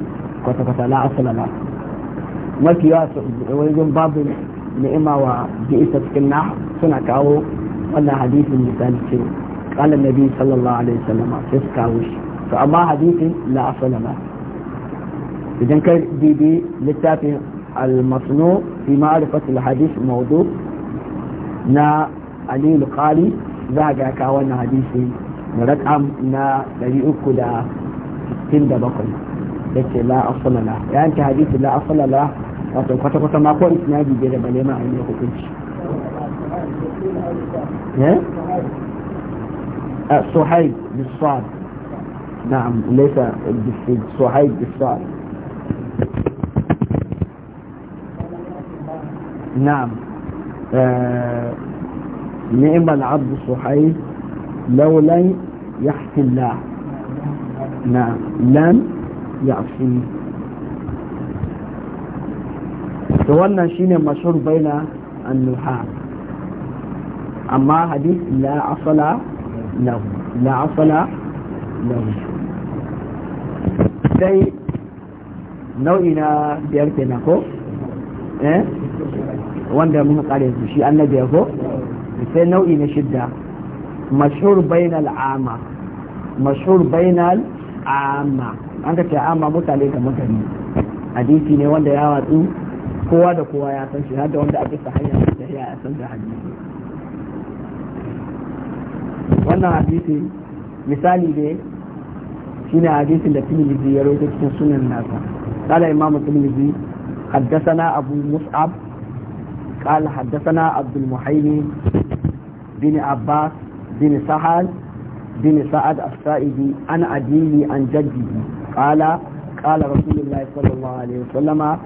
كتا كتا لا أصل لها له وكياس ويجون باب نئمة وبئسة كنا سنة كاو وانا حديث من يسان قال النبي صلى الله عليه وسلم فس كاوش فأما حديث لا أصل له إذن كان دي دي لتافي المصنوع في معرفة الحديث موضوع نا علي القالي za ga ka wannan hadisi murakam na 367 yake la asalala ya yanke hadisi la asalala wato kwata kwata ma ko isnadi bai da bale ma a yi hukunci صهيب بالصاد نعم ليس صهيب بالصاد نعم آه نعم العبد صحيح لو لن يحكي الله نعم لن يعصي wannan shine mashhur baina annuha amma hadith la asala lahu la asala sai nau'i na biyar eh wanda muka kare shi annabi ko sai nau'i na shidda mashhur bainal ama mashhur bainal Aama an ka ce amma mutane da magani hadisi ne wanda ya watsu kowa da kowa ya san shi hadda wanda ake sahaya hanya da ya san da hadisi wannan hadisi misali ne shine hadisin da Tirmidhi ya rawaito cikin sunan nasa qala imamu Tirmidhi حدثنا أبو مصعب قال حدثنا عبد المحيي بن عباس بن سهل بن سعد السائدي عن أبيه عن جده قال قال رسول الله صلى الله عليه وسلم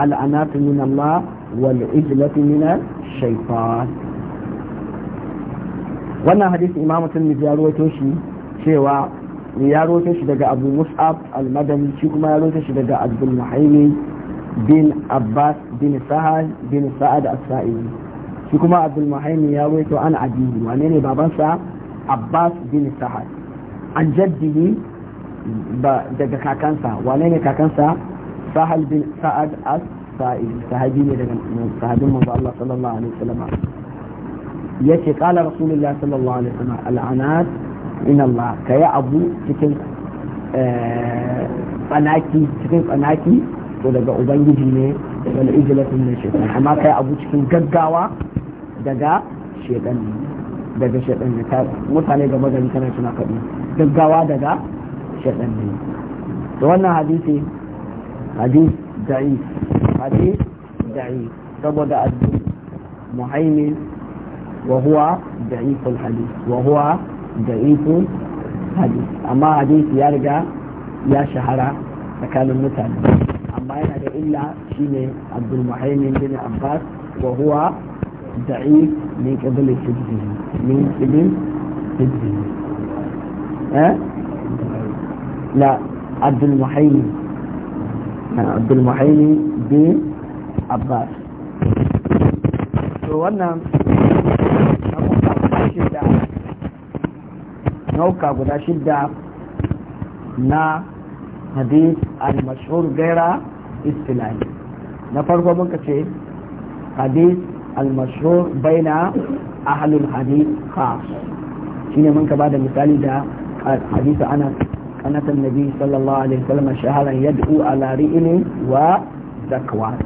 الأنات من الله والعجلة من الشيطان wannan hadisi imamu tun ya rawaito shi cewa ya rawaito shi daga abu mus'ab al shi kuma ya rawaito shi daga abdul muhaimi bin abbas bin sahal bin sa'ad as shi kuma abdul muhaimin ya waito an abihi wane ne babansa abbas bin sahad an jaddihi daga kakansa wane ne kakansa sahal bin sa'ad as sahabi ne daga sahabin manzo Allah sallallahu alaihi wasallam yace qala rasulullah sallallahu alaihi wasallam al'anat min Allah kai abu cikin eh, tsanaki cikin tsanaki to daga ubangiji ne wal ijlatun min shaytan amma kai abu cikin gaggawa daga shedan daga shedan ne mutane game da kana suna kaɗi gaggawa daga shedan ne to wannan hadisi hadis da'i hadis da'i saboda addu muhaimin wa huwa da'iful hadis wa huwa da'iful hadis amma hadisi ya riga ya shahara tsakanin mutane amma yana da illa shine abdul muhaimin bin abbas wa huwa ضعيف من قبل التدريب من قبل التدريب ها لا عبد المحيي عبد المحيي بن عباس هو انا نوكا غدا شدة نا حديث المشهور غيرا استلاني نفرق شئ حديث al-mashhur baina ahlul hadith khas shine mun ka bada misali da hadisi ana قناة النبي صلى الله عليه وسلم شهرا يدعو على رئل وذكوان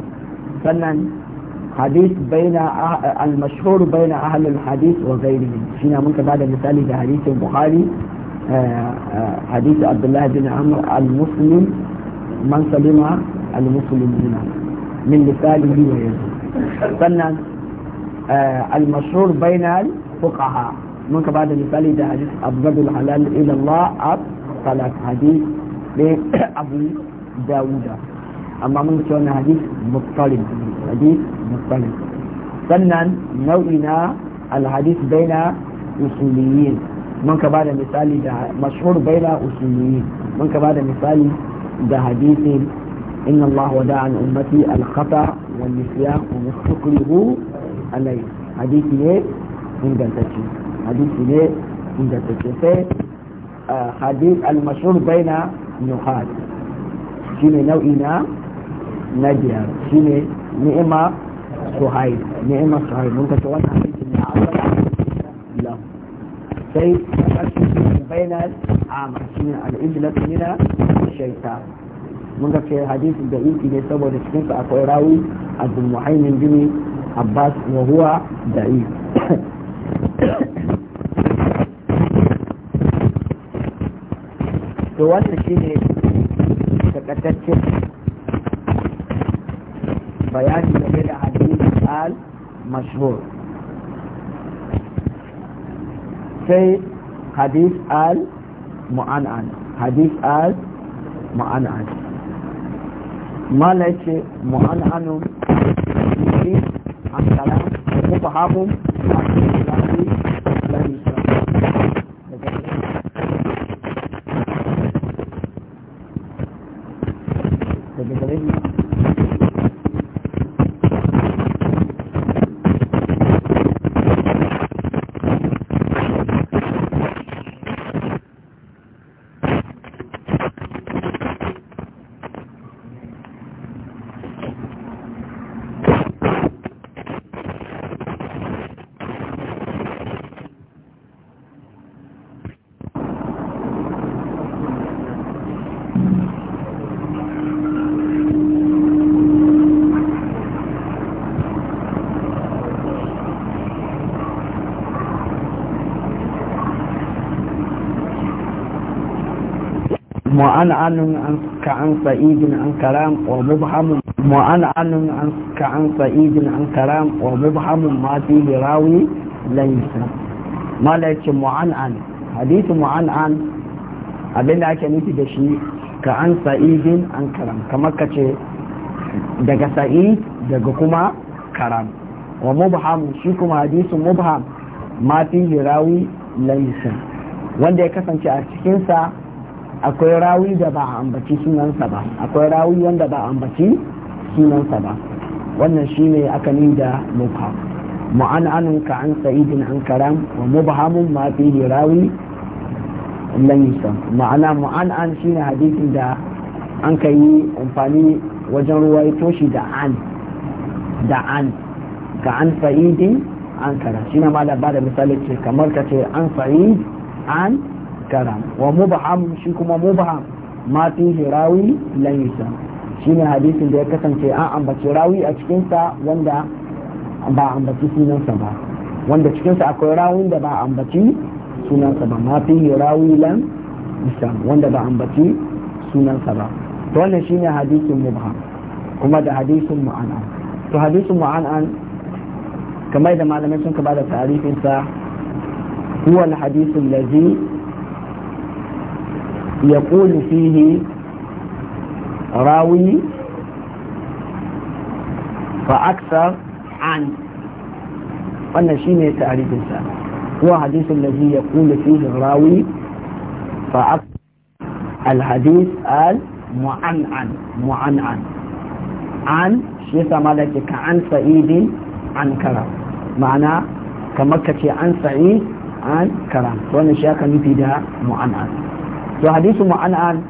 فنن حديث بين أه... المشهور بين أهل الحديث وغيرهم شنا ممكن بعد مثال ده حديث البخاري آه آه حديث عبد الله بن عمرو المسلم من سلم المسلمون من لسانه ويده فنن آه، المشهور بين الفقهاء من بعد مثال ده حديث أبغض الحلال إلى الله ثلاث حديث لأبو داود أما من كان حديث مضطرب حديث مضطرب سنن نوعنا الحديث بين أصوليين من بعد مثال ده مشهور بين أصوليين من بعد مثال ده حديث إن الله ودع عن أمتي الخطأ والنسيان ومستقره alai hadisi ne ingantacce hadisi ne ingantacce sai hadis al-mashhur baina nuhat shine nau'i na na biyar shine ni'ima suhaib ni'ima suhaib mun kace wannan hadisi ne a wannan lahu sai kashi baina al-amr shine al-iblat min shaytan mun kace hadisi da yake ne saboda cikin sa akwai rawi abdul muhaimin bin abbas wa huwa da'i to wannan shine takataccen bayani game da hadith al mashhur sai hadith al mu'an'an hadith al mu'an'an wasu kalamun ko fahafun masu وعن عن عن سعيد عن كلام ومبهم وعن عن عن سعيد عن كلام ومبهم ما فيه راوي ليس مالك معن عن حديث معن عن abin da ake nufi da shi ka an sa'idin an karam kamar ka ce daga sa'id daga kuma karam wa mubham shi kuma hadisin mubham ma fi rawi laysa wanda ya kasance a cikinsa akwai rawi da ba a ambaci sunansa ba akwai rawi wanda ba a ambaci sunansa ba wannan shine akani da muka mu'an'anun ka an sa'idin an karam wa mubhamun ma fi rawi lan yusam ma'ana mu'an'an shine hadisin da an ka yi amfani wajen ruwaito shi da an da an ka an sa'idin an karam ne ma da ba da misali ce kamar ka ce an sa'id an karam wa mubham shi kuma mubham ma fihi rawi laysa shine hadisin da ya kasance an ambaci rawi a cikinsa wanda ba ambaci sunansa ba wanda cikinsa akwai rawin da ba ambaci sunansa ba ma fihi rawi lan wanda ba ambaci sunansa ba to wannan shine hadisin mubham kuma da hadisin mu'anan to hadisin mu'anan kamar da malamai sun ka da tarifinsa huwa al-hadisul ladhi يقول فيه راوي فأكثر عن أن شيء من ta'arifinsa ko hadisin da zai ya kula fihi rawi الحديث المعنعن معنعن عن شيخ مالك عن سعيد عن كرم معنى كتي عن سعيد عن كرم وانا شاكا نفيدها معنعن to hadisu ma'an'an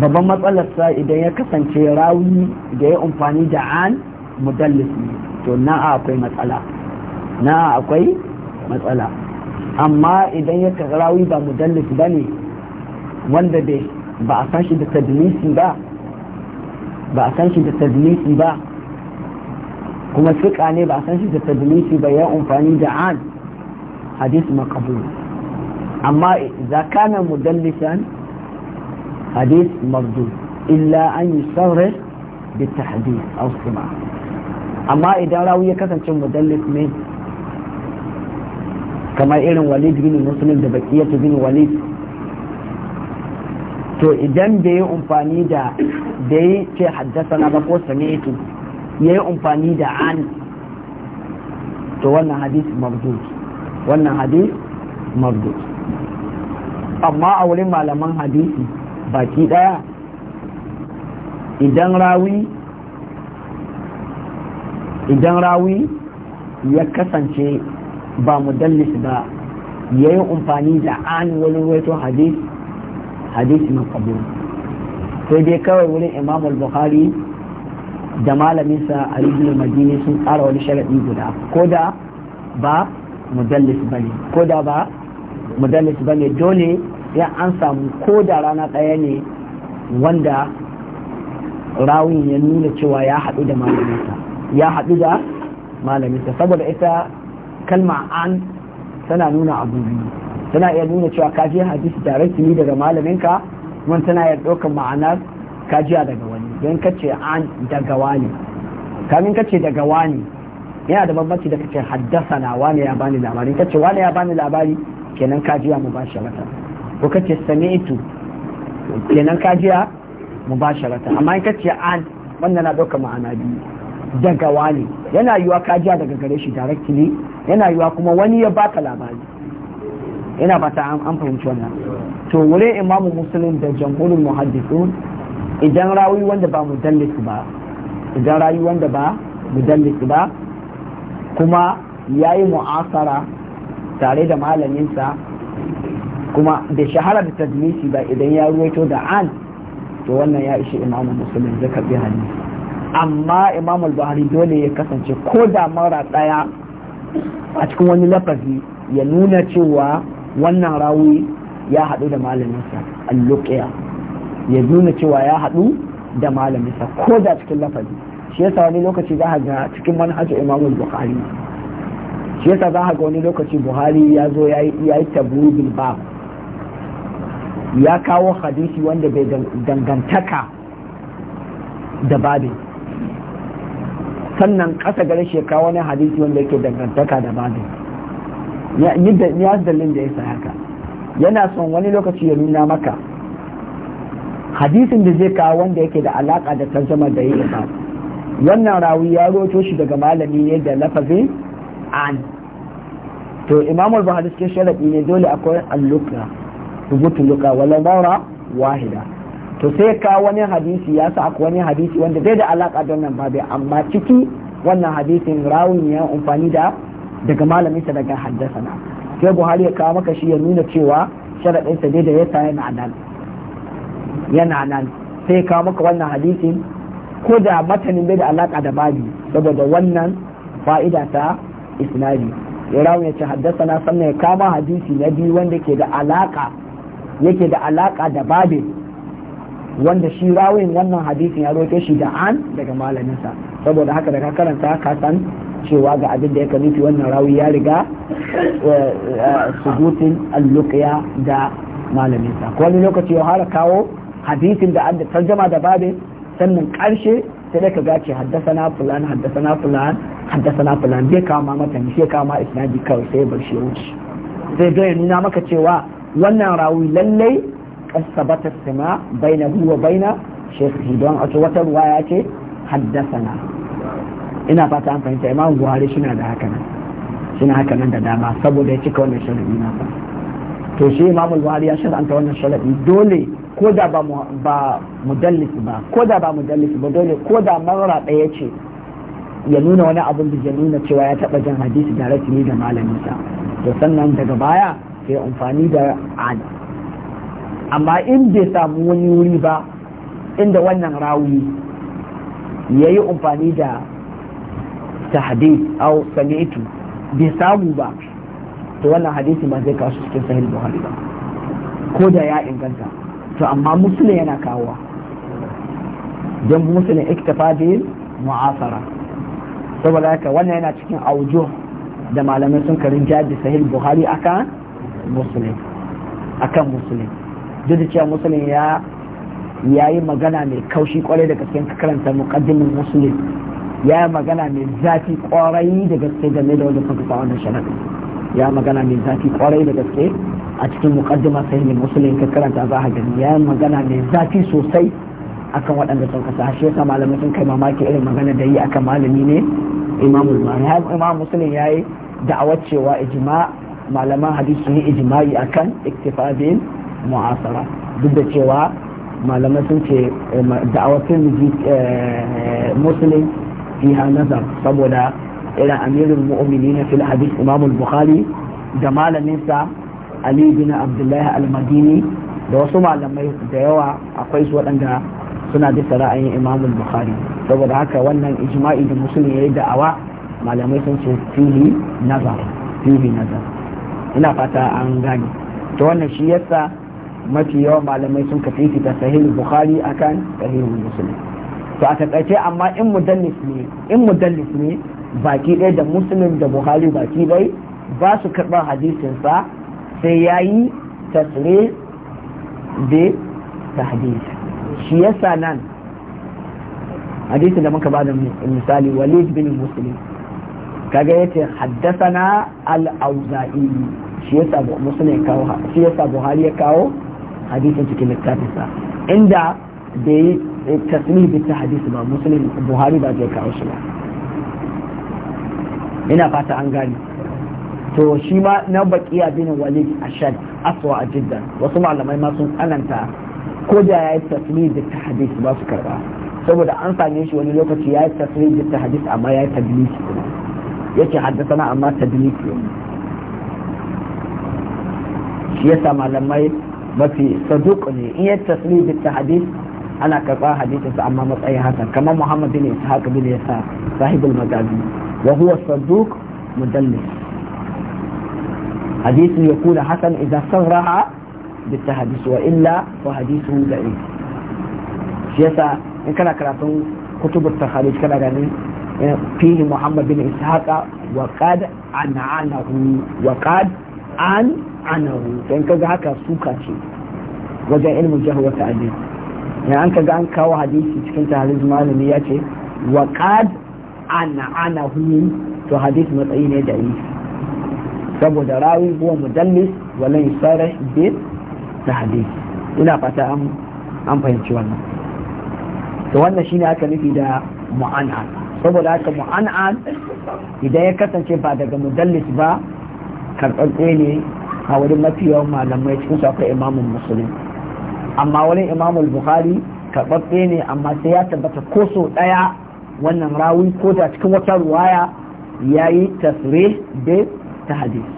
babban matsalarsa idan ya kasance rawi da ya amfani da an mudallis ne to na akwai matsala na akwai matsala amma idan ya rawi ba mudallis ba ne wanda ba a san shi da tadlisi ba ba a san shi da tadlisi ba kuma suka ne ba a san shi da tadlisi ba ya amfani da an Hadisu makabul amma idza kana mudallisan hadith mardu illa an yusarrih da tahdith aw sima amma idan rawi ya kasance mudallis ne kamar irin walid bin muslim da baqiyatu bin walid to idan da yi amfani da da yi ce haddasa na ba ko sami'tu ya yi amfani da an to wannan hadith mardu. wannan hadith mardud amma a wurin malaman hadisi baki daya idan rawi idan rawi ya kasance ba mudallis ba ya yi amfani da an wani wato hadis hadisi na kabul sai dai kawai wurin imam al-bukhari da malaminsa a rijin madini sun tsara wani sharaɗi guda ko da ba mudallis ba ne ko da ba mudalis ba ne dole ya an samu ko da rana ɗaya ne wanda rawun ya nuna cewa ya haɗu da malaminsa ya haɗu da malaminsa saboda ita kalma an tana nuna abu biyu tana iya nuna cewa kaji hadisi directly daga malaminka kuma tana iya ɗaukar ma'anar kajiya daga wani don kace an daga wani kamin kace daga wani yana da bambanci da kace haddasa na wani ya bani labari kace wani ya bani labari kenan kajiya mu ba sharata ko kace sami'tu kenan kajiya mu ba sharata amma in kace an wannan na ɗauka ma'ana biyu daga wani yana yiwa kajiya daga gare shi directly yana yiwa kuma wani ya baka labari Ina fata an fahimci wannan to wurin imamu musulun da jamhurin muhaddisun idan rawi wanda ba mudallis ba idan rawi wanda ba mudallis ba kuma yayi mu'asara tare da malaminsa kuma da shahara da tajmisi ba idan ya ruwaito da an to wannan ya ishe imamu musulun zaka bi hannu. amma imamu buhari dole ya kasance ko da mara daya a cikin wani lafazi ya nuna cewa wannan rawi ya haɗu da malaminsa alluqiya ya nuna cewa ya haɗu da malaminsa ko da cikin lafazi shi yasa wani lokaci za ga cikin manhajar imamu buhari shi yasa za ka ga wani lokaci buhari ya zo ya yi tabribul ba ya kawo hadisi wanda bai dangantaka da babin sannan ƙasa gare shi ya kawo wani hadisi wanda yake dangantaka da babin ya dalilin da ya sa haka yana son wani lokaci ya nuna maka hadisin da zai kawo wanda yake da alaƙa da tarjama da yi wannan rawi ya roto shi daga malami ne da lafazin an to imam al cikin ne dole akwai al-luqa rubutun wala mara wahida to sai ka wani hadisi ya sa wani hadisi wanda bai da alaka da wannan babu amma ciki wannan hadisin rawun ya amfani da daga malaminsa daga haddasana sai buhari ya kawo maka shi ya nuna cewa sharaɗinsa dai da ya sa yana nan sai ya kawo maka wannan hadisin ko da matanin bai da alaka da babi saboda wannan fa'ida ta isnadi ya rawu ya ce haddasa na sannan ya kama hadisi na biyu wanda ke da alaka yake da alaka da babe wanda shi rawin wannan hadisin ya roke shi da an daga malaminsa saboda haka daga karanta ka san cewa ga abin da ya nufi wannan rawi ya riga eh, eh, subutin alluqiya da malaminsa ko wani lokaci ya hara kawo hadisin da an da tarjama da babe sannan karshe sai dai ka gace haddasana fulan haddasana fulan haddasana fulan bai kama mata ni sai kama isnadi kawai sai bar shi wuce zai ga ya nuna maka cewa wannan rawi lallai kasa bata sima baina huwa baina shekhi don a wata ruwa ya ce haddasana ina fata an fahimta imam buhari suna da haka nan suna haka nan da dama saboda ya cika wannan sharadi fa to shi imam buhari ya an ta wannan sharadi dole ko da ba mudallisi ba ko da ba mudallisi ba dole ko da marra ɗaya ce ya nuna wani abin da ya nuna cewa ya taɓa jan hadisi da ne da malaminsa to sannan daga baya sai amfani da an amma in bai samu wani wuri ba inda wannan rawi ya yi amfani da tahdid au sami'tu bai samu ba to wannan hadisi ma zai kasu cikin sahih buhari ba ko da ya inganta to amma musulun yana kawowa don musulun iktafa bil mu'asara saboda haka wannan yana cikin aujo da malamai sun karin jaji sahil buhari akan musulun akan musulun duk da cewa musulun ya ya yi magana mai kaushi kwarai da gaske karanta muqaddimin musulun ya yi magana mai zafi kwarai da gaske game da wanda suka sa wannan sharaɗin ya magana mai zafi kwarai da gaske a cikin muqaddima sahih muslim ka karanta za ka gani ya magana mai zafi sosai akan waɗanda sun kasa shi yasa malamai sun kai mamaki irin magana da yi akan malami ne imamul bukhari har imam muslim yayi da'awar cewa ijima malaman hadisi ne ijimai akan iktifa mu'asara duk da cewa malamai sun ce eh, da'awar tirmidhi eh, musulun fiha nazar saboda irin amirin amirul na fil hadith imamul bukhari da malamin sa ali bin abdullahi al-madini da wasu malamai da yawa akwai su waɗanda suna da ra'ayin imamul bukhari saboda haka wannan ijma'i da musulmi ya yi da'awa malamai sun ce fili nazar fili nazar ina fata an gane to wannan shi yasa mafi yawa malamai sun kafi ta sahihul bukhari akan sahihul muslim to a takaice amma in mudallis ne in mudallis ne baki ɗaya da muslim da bukhari baki ɗaya ba su karɓar hadisinsa sai ya yi tasre da tahdid shi yasa nan hadisin da muka ba da misali walid bin muslim kaga yace haddathana al-auza'i shi yasa muslim kawo shi yasa buhari ya kawo hadisin cikin littafin sa inda da yi tasmi bi ta hadisi ba muslim buhari ba zai kawo shi ba ina fata an gani to shi ma na baqiya bin walid ashad aswa a jiddan wasu malamai ma sun tsananta ko da ya yi tasmid da hadis ba su karba saboda an same shi wani lokaci ya yi tasmid da ta hadis amma yayi tadlis kuma yake haddasa na amma tadlis shi ya sa malamai mafi saduq ne in ya tasmid da ta hadis ana karba hadisinsa amma matsayin hasan kamar muhammad bin haka bin yasa sahibul magazi wa huwa saduq mudallis حديث يكون حسن إذا صرح بالتحديث وإلا وحديثه ضعيف شيسا إن كان كراتون كتب التخاريج كان يعني فيه محمد بن إسحاق وقد عن عنه وقد عن عنه فإن كان هكا سوكا شيء وجاء علم الجهل والتعديل يعني أنك قال كاو حديثي تكن تحديث معلومياتي وقد عن عنه تو حديث مطعين ضعيف saboda rawi huwa mudallis wala yusarih bi tahdid ina fata an an fahimci wannan to wannan shine aka nufi da mu'an'an saboda haka mu'an'an idan ya kasance ba daga mudallis ba karɓaɓɓe ne a wurin mafi yawan malamai cikin su akwai imamun musulun amma wurin imamul bukhari karɓaɓɓe ne amma sai ya tabbata ko so ɗaya wannan rawi ko da cikin wata ruwaya ya yi tasiri da ta hadisi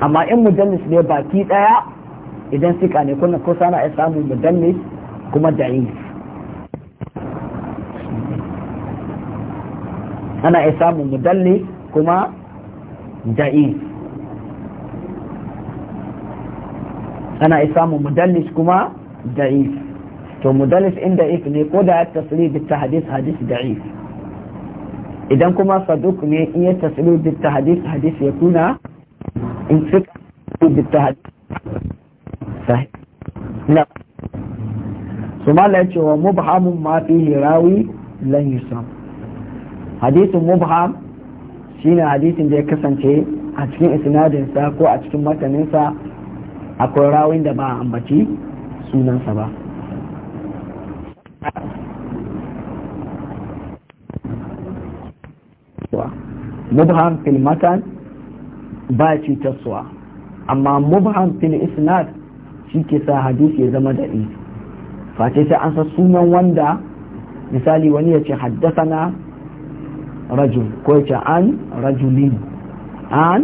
amma in mujallis ne baki daya idan sika ne kuna kusa na samu mujallis kuma da'if ana iya samun mudalli kuma da'if ana iya samun mudallis kuma da'if to mudallis in da'if ne ko da ya tasiri da ta hadis hadis da'if idan kuma saduk ne in ya tasiru bi tahdith hadith ya kuna in fika bi tahdith sahih na su ma ya ce wa mubhamun ma fi hirawi, lan sam hadithun mubham ne hadisin da ya kasance a cikin isnadinsa ko a cikin mataninsa akwai rawin da ba a ambaci sunansa ba مبهم في المتن باتي تسوى amma مبهم fil isnad shi ke sa hadisi ya zama da face واندا مثالي sunan wanda misali wani ya عن رجلين ko ya ce an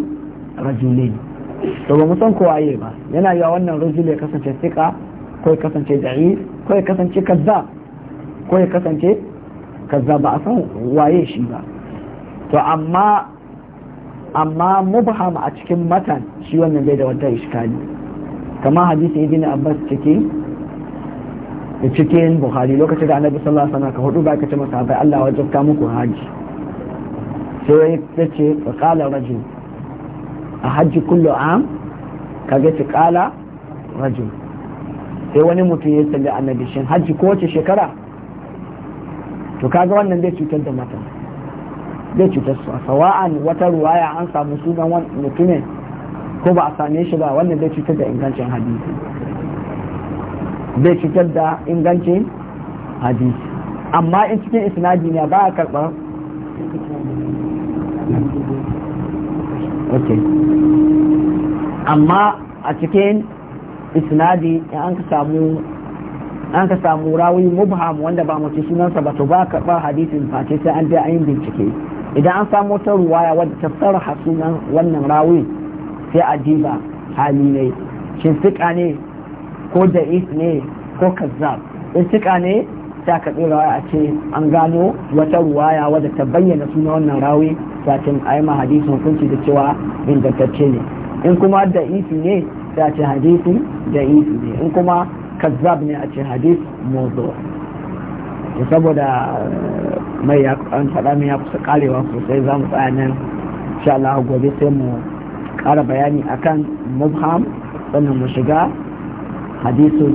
rajulin to ba san ko waye ba yana yawa wannan rajul ya kasance sika ko ya kasance da'if ko ya kasance kaza ko ya kasance kaza ba a san waye shi ba to amma amma mubham a cikin matan shi wannan bai da wata iskali kamar hadisi ibn abbas cikin cikin bukhari lokacin da annabi sallallahu alaihi wasallam ka hudu ba ka ce masa bai Allah wa jabta muku haji sai ya ce fa qala rajul a haji kullu am ga ce qala rajul sai wani mutum ya tambaye annabi shin haji ko wace shekara to kaga wannan zai cutar da matan zai cutar su a sawa'an wata ruwaya an samu sunan mutumin ko ba a same shi ba wannan zai cutar da ingancin hadisi zai cutar da ingancin hadisi amma in cikin isnadi ne ba a karɓar amma a cikin isnadi an ka samu an ka samu rawi mubham wanda ba mace sunansa ba to ba karɓar hadisin face sai an je an yi bincike idan an samu wata ruwaya wadda ta sarha sunan wannan rawi sai a diba hali ne shin ne ko da'if ne ko kazzab in ne sai ka tsira a ce an gano wata ruwaya wadda ta bayyana sunan wannan rawi satin a yi hadisin hukunci da cewa ingantacce ne in kuma da'ifi ne sai a ce hadisin ne in kuma kazzab ne a ce hadis mozo to saboda eh, mai ya an faɗa min ya kusa karewa sosai za mu tsaya nan sha Allah gobe sai mu ƙara bayani akan mubham sannan mu shiga hadisu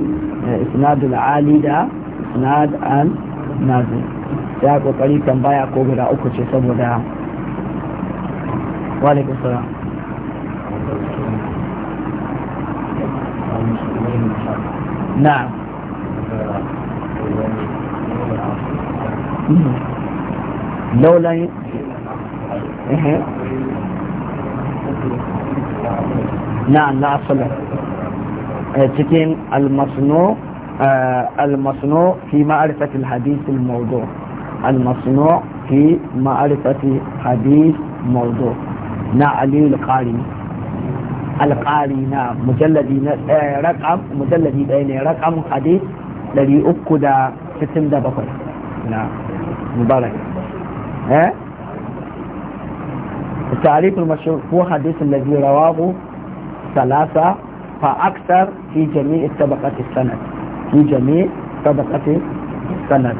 eh, isnadul ali da isnad al nazi ya kokari tambaya ko guda uku ce saboda wa alaikum salam لولا ي... إيه؟ نعم لا أصل آه، تكين المصنوع آه المصنوع في معرفة الحديث الموضوع المصنوع في معرفة حديث موضوع نعلي القاري القاري نعم مجلدي آه رقم مجلدي يعني بين رقم حديث الذي أكد ستم دبقر نعم مبارك ها التعريف المشهور هو حديث الذي رواه ثلاثة فأكثر في جميع طبقة السند في جميع طبقة السند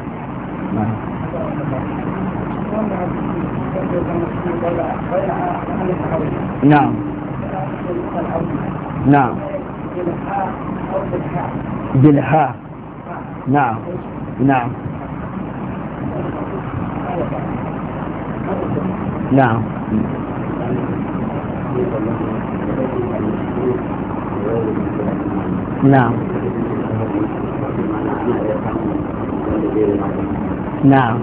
نعم نعم بالها نعم نعم na'am na'am na'am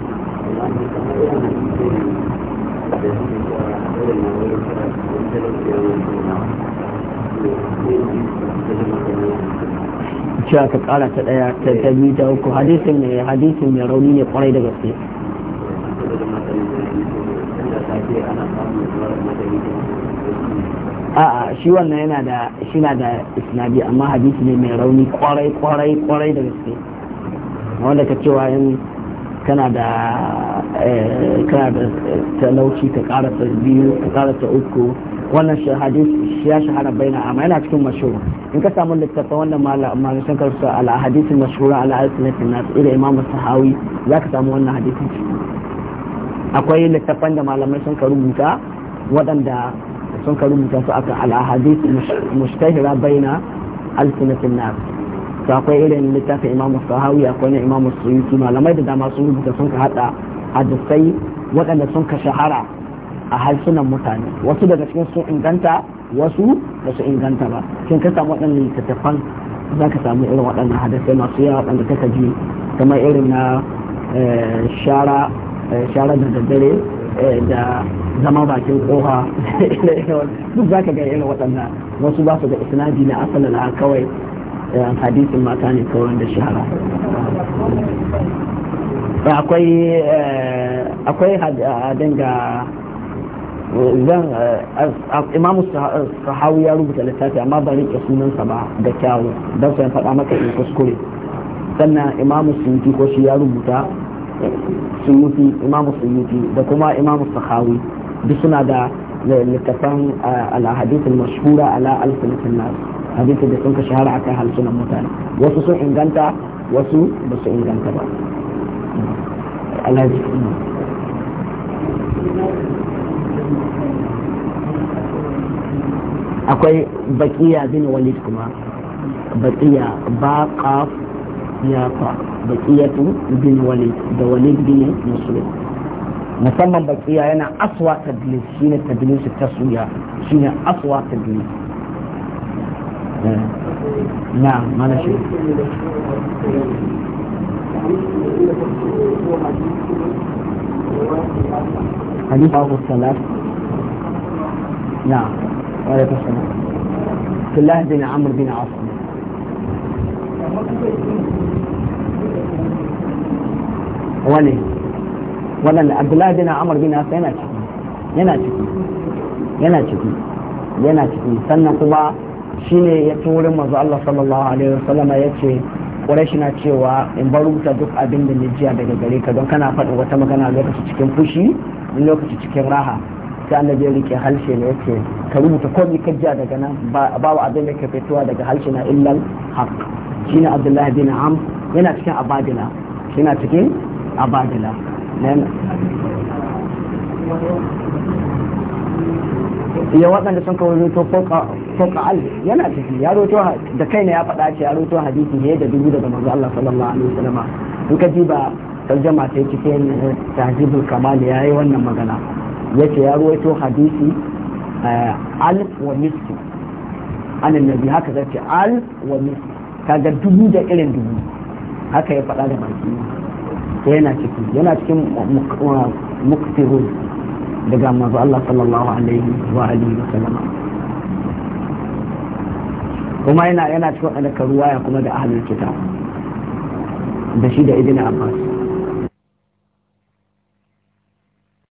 Thank cewa ka kara ta daya ta ta biyu ta uku hadisin ne hadisin mai rauni ne kwarai da gaske a a shi wannan yana da shi na da isnadi amma hadisi ne mai rauni kwarai kwarai kwarai da gaske wanda ka cewa yin kana da eh, kana da eh, talauci kara ta biyu ta kara ta uku wannan hadisi ya shahara baina amma yana cikin mashhur in ka samu littafin wannan malamin sun karsu al ahadithul na ala alsinatin nas ila imam sahawi zaka samu wannan hadisin akwai littattafan da malamai sun ka rubuta waɗanda sun ka rubuta su akan al ahadith mushtahira baina alsinatin nas to akwai irin littafin imam sahawi akwai na imam suyuti malamai da dama sun rubuta sun ka haɗa hadisai waɗanda sun ka shahara a harsunan mutane wasu daga cikin sun inganta wasu ba su inganta ba kin ka samu waɗannan littattafan za ka samu irin waɗannan hadasai masu yawa waɗanda kaka ji kamar irin na eh, eh, shara da daddare eh, da zama bakin koha duk za ka ga irin waɗannan wasu ba su da isnadi na na kawai hadisin mata ne kawai da shara akwai akwai a dinga zan eh, eh, imam sahawi ya rubuta littafi amma ba rike sunansa ba da kyawu don sai faɗa maka in kuskure sannan imam suyuti ko shi ya rubuta eh, suyuti imam suyuti da kuma imam sahawi duk suna da littafan al-ahadith mashhura ala al-sunnah nas hadisi da sun ka shahara akan halsunan mutane wasu sun inganta wasu ba su inganta ba alhaji akwai baƙiya bin walid kuma baƙiya ba ƙaf ya fa baƙiyatu bin walid da walid bin musulun musamman baƙiya yana aswa tadlis shine tadlis taswiya shine aswa tadlis eh, na mana shi hadith abu Salatu. نعم وعليكم السلام في الله بن عمرو بن عاص wani waɗanda abdullahi na amur bin asa yana ciki yana ciki yana ciki yana ciki sannan kuma shi ne ya ci wurin mazu Allah sallallahu alaihi wasallam ya ce ƙurashi na cewa in bar rubuta duk abin da jiya daga gare ka don kana faɗin wata magana lokaci cikin fushi lokaci cikin raha sai annabi ya rike harshe ne yake ka rubuta komai ka jiya daga nan babu abin da ke fitowa daga harshe na illal haq shine abdullahi bin am yana cikin abadila yana cikin abadila ya waɗanda sun kawo roto foka al yana ciki ya roto da kai ya faɗa ce ya roto hadisi ne da dubu daga manzo Allah sallallahu alaihi wasallam in ka ji ba tarjama sai cikin eh, tahzibul kamal yayi wannan magana yace ya ruwaito hadisi eh, al wa nisfu an annabi haka zace al wa nisfu kaga dubu da irin dubu haka ya faɗa da baki to yana ciki yana cikin muktirun daga manzo Allah sallallahu alaihi wa alihi wa sallama kuma yana yana cikin wadanda ya kuma da ahlul kitab da shi da ibn Abbas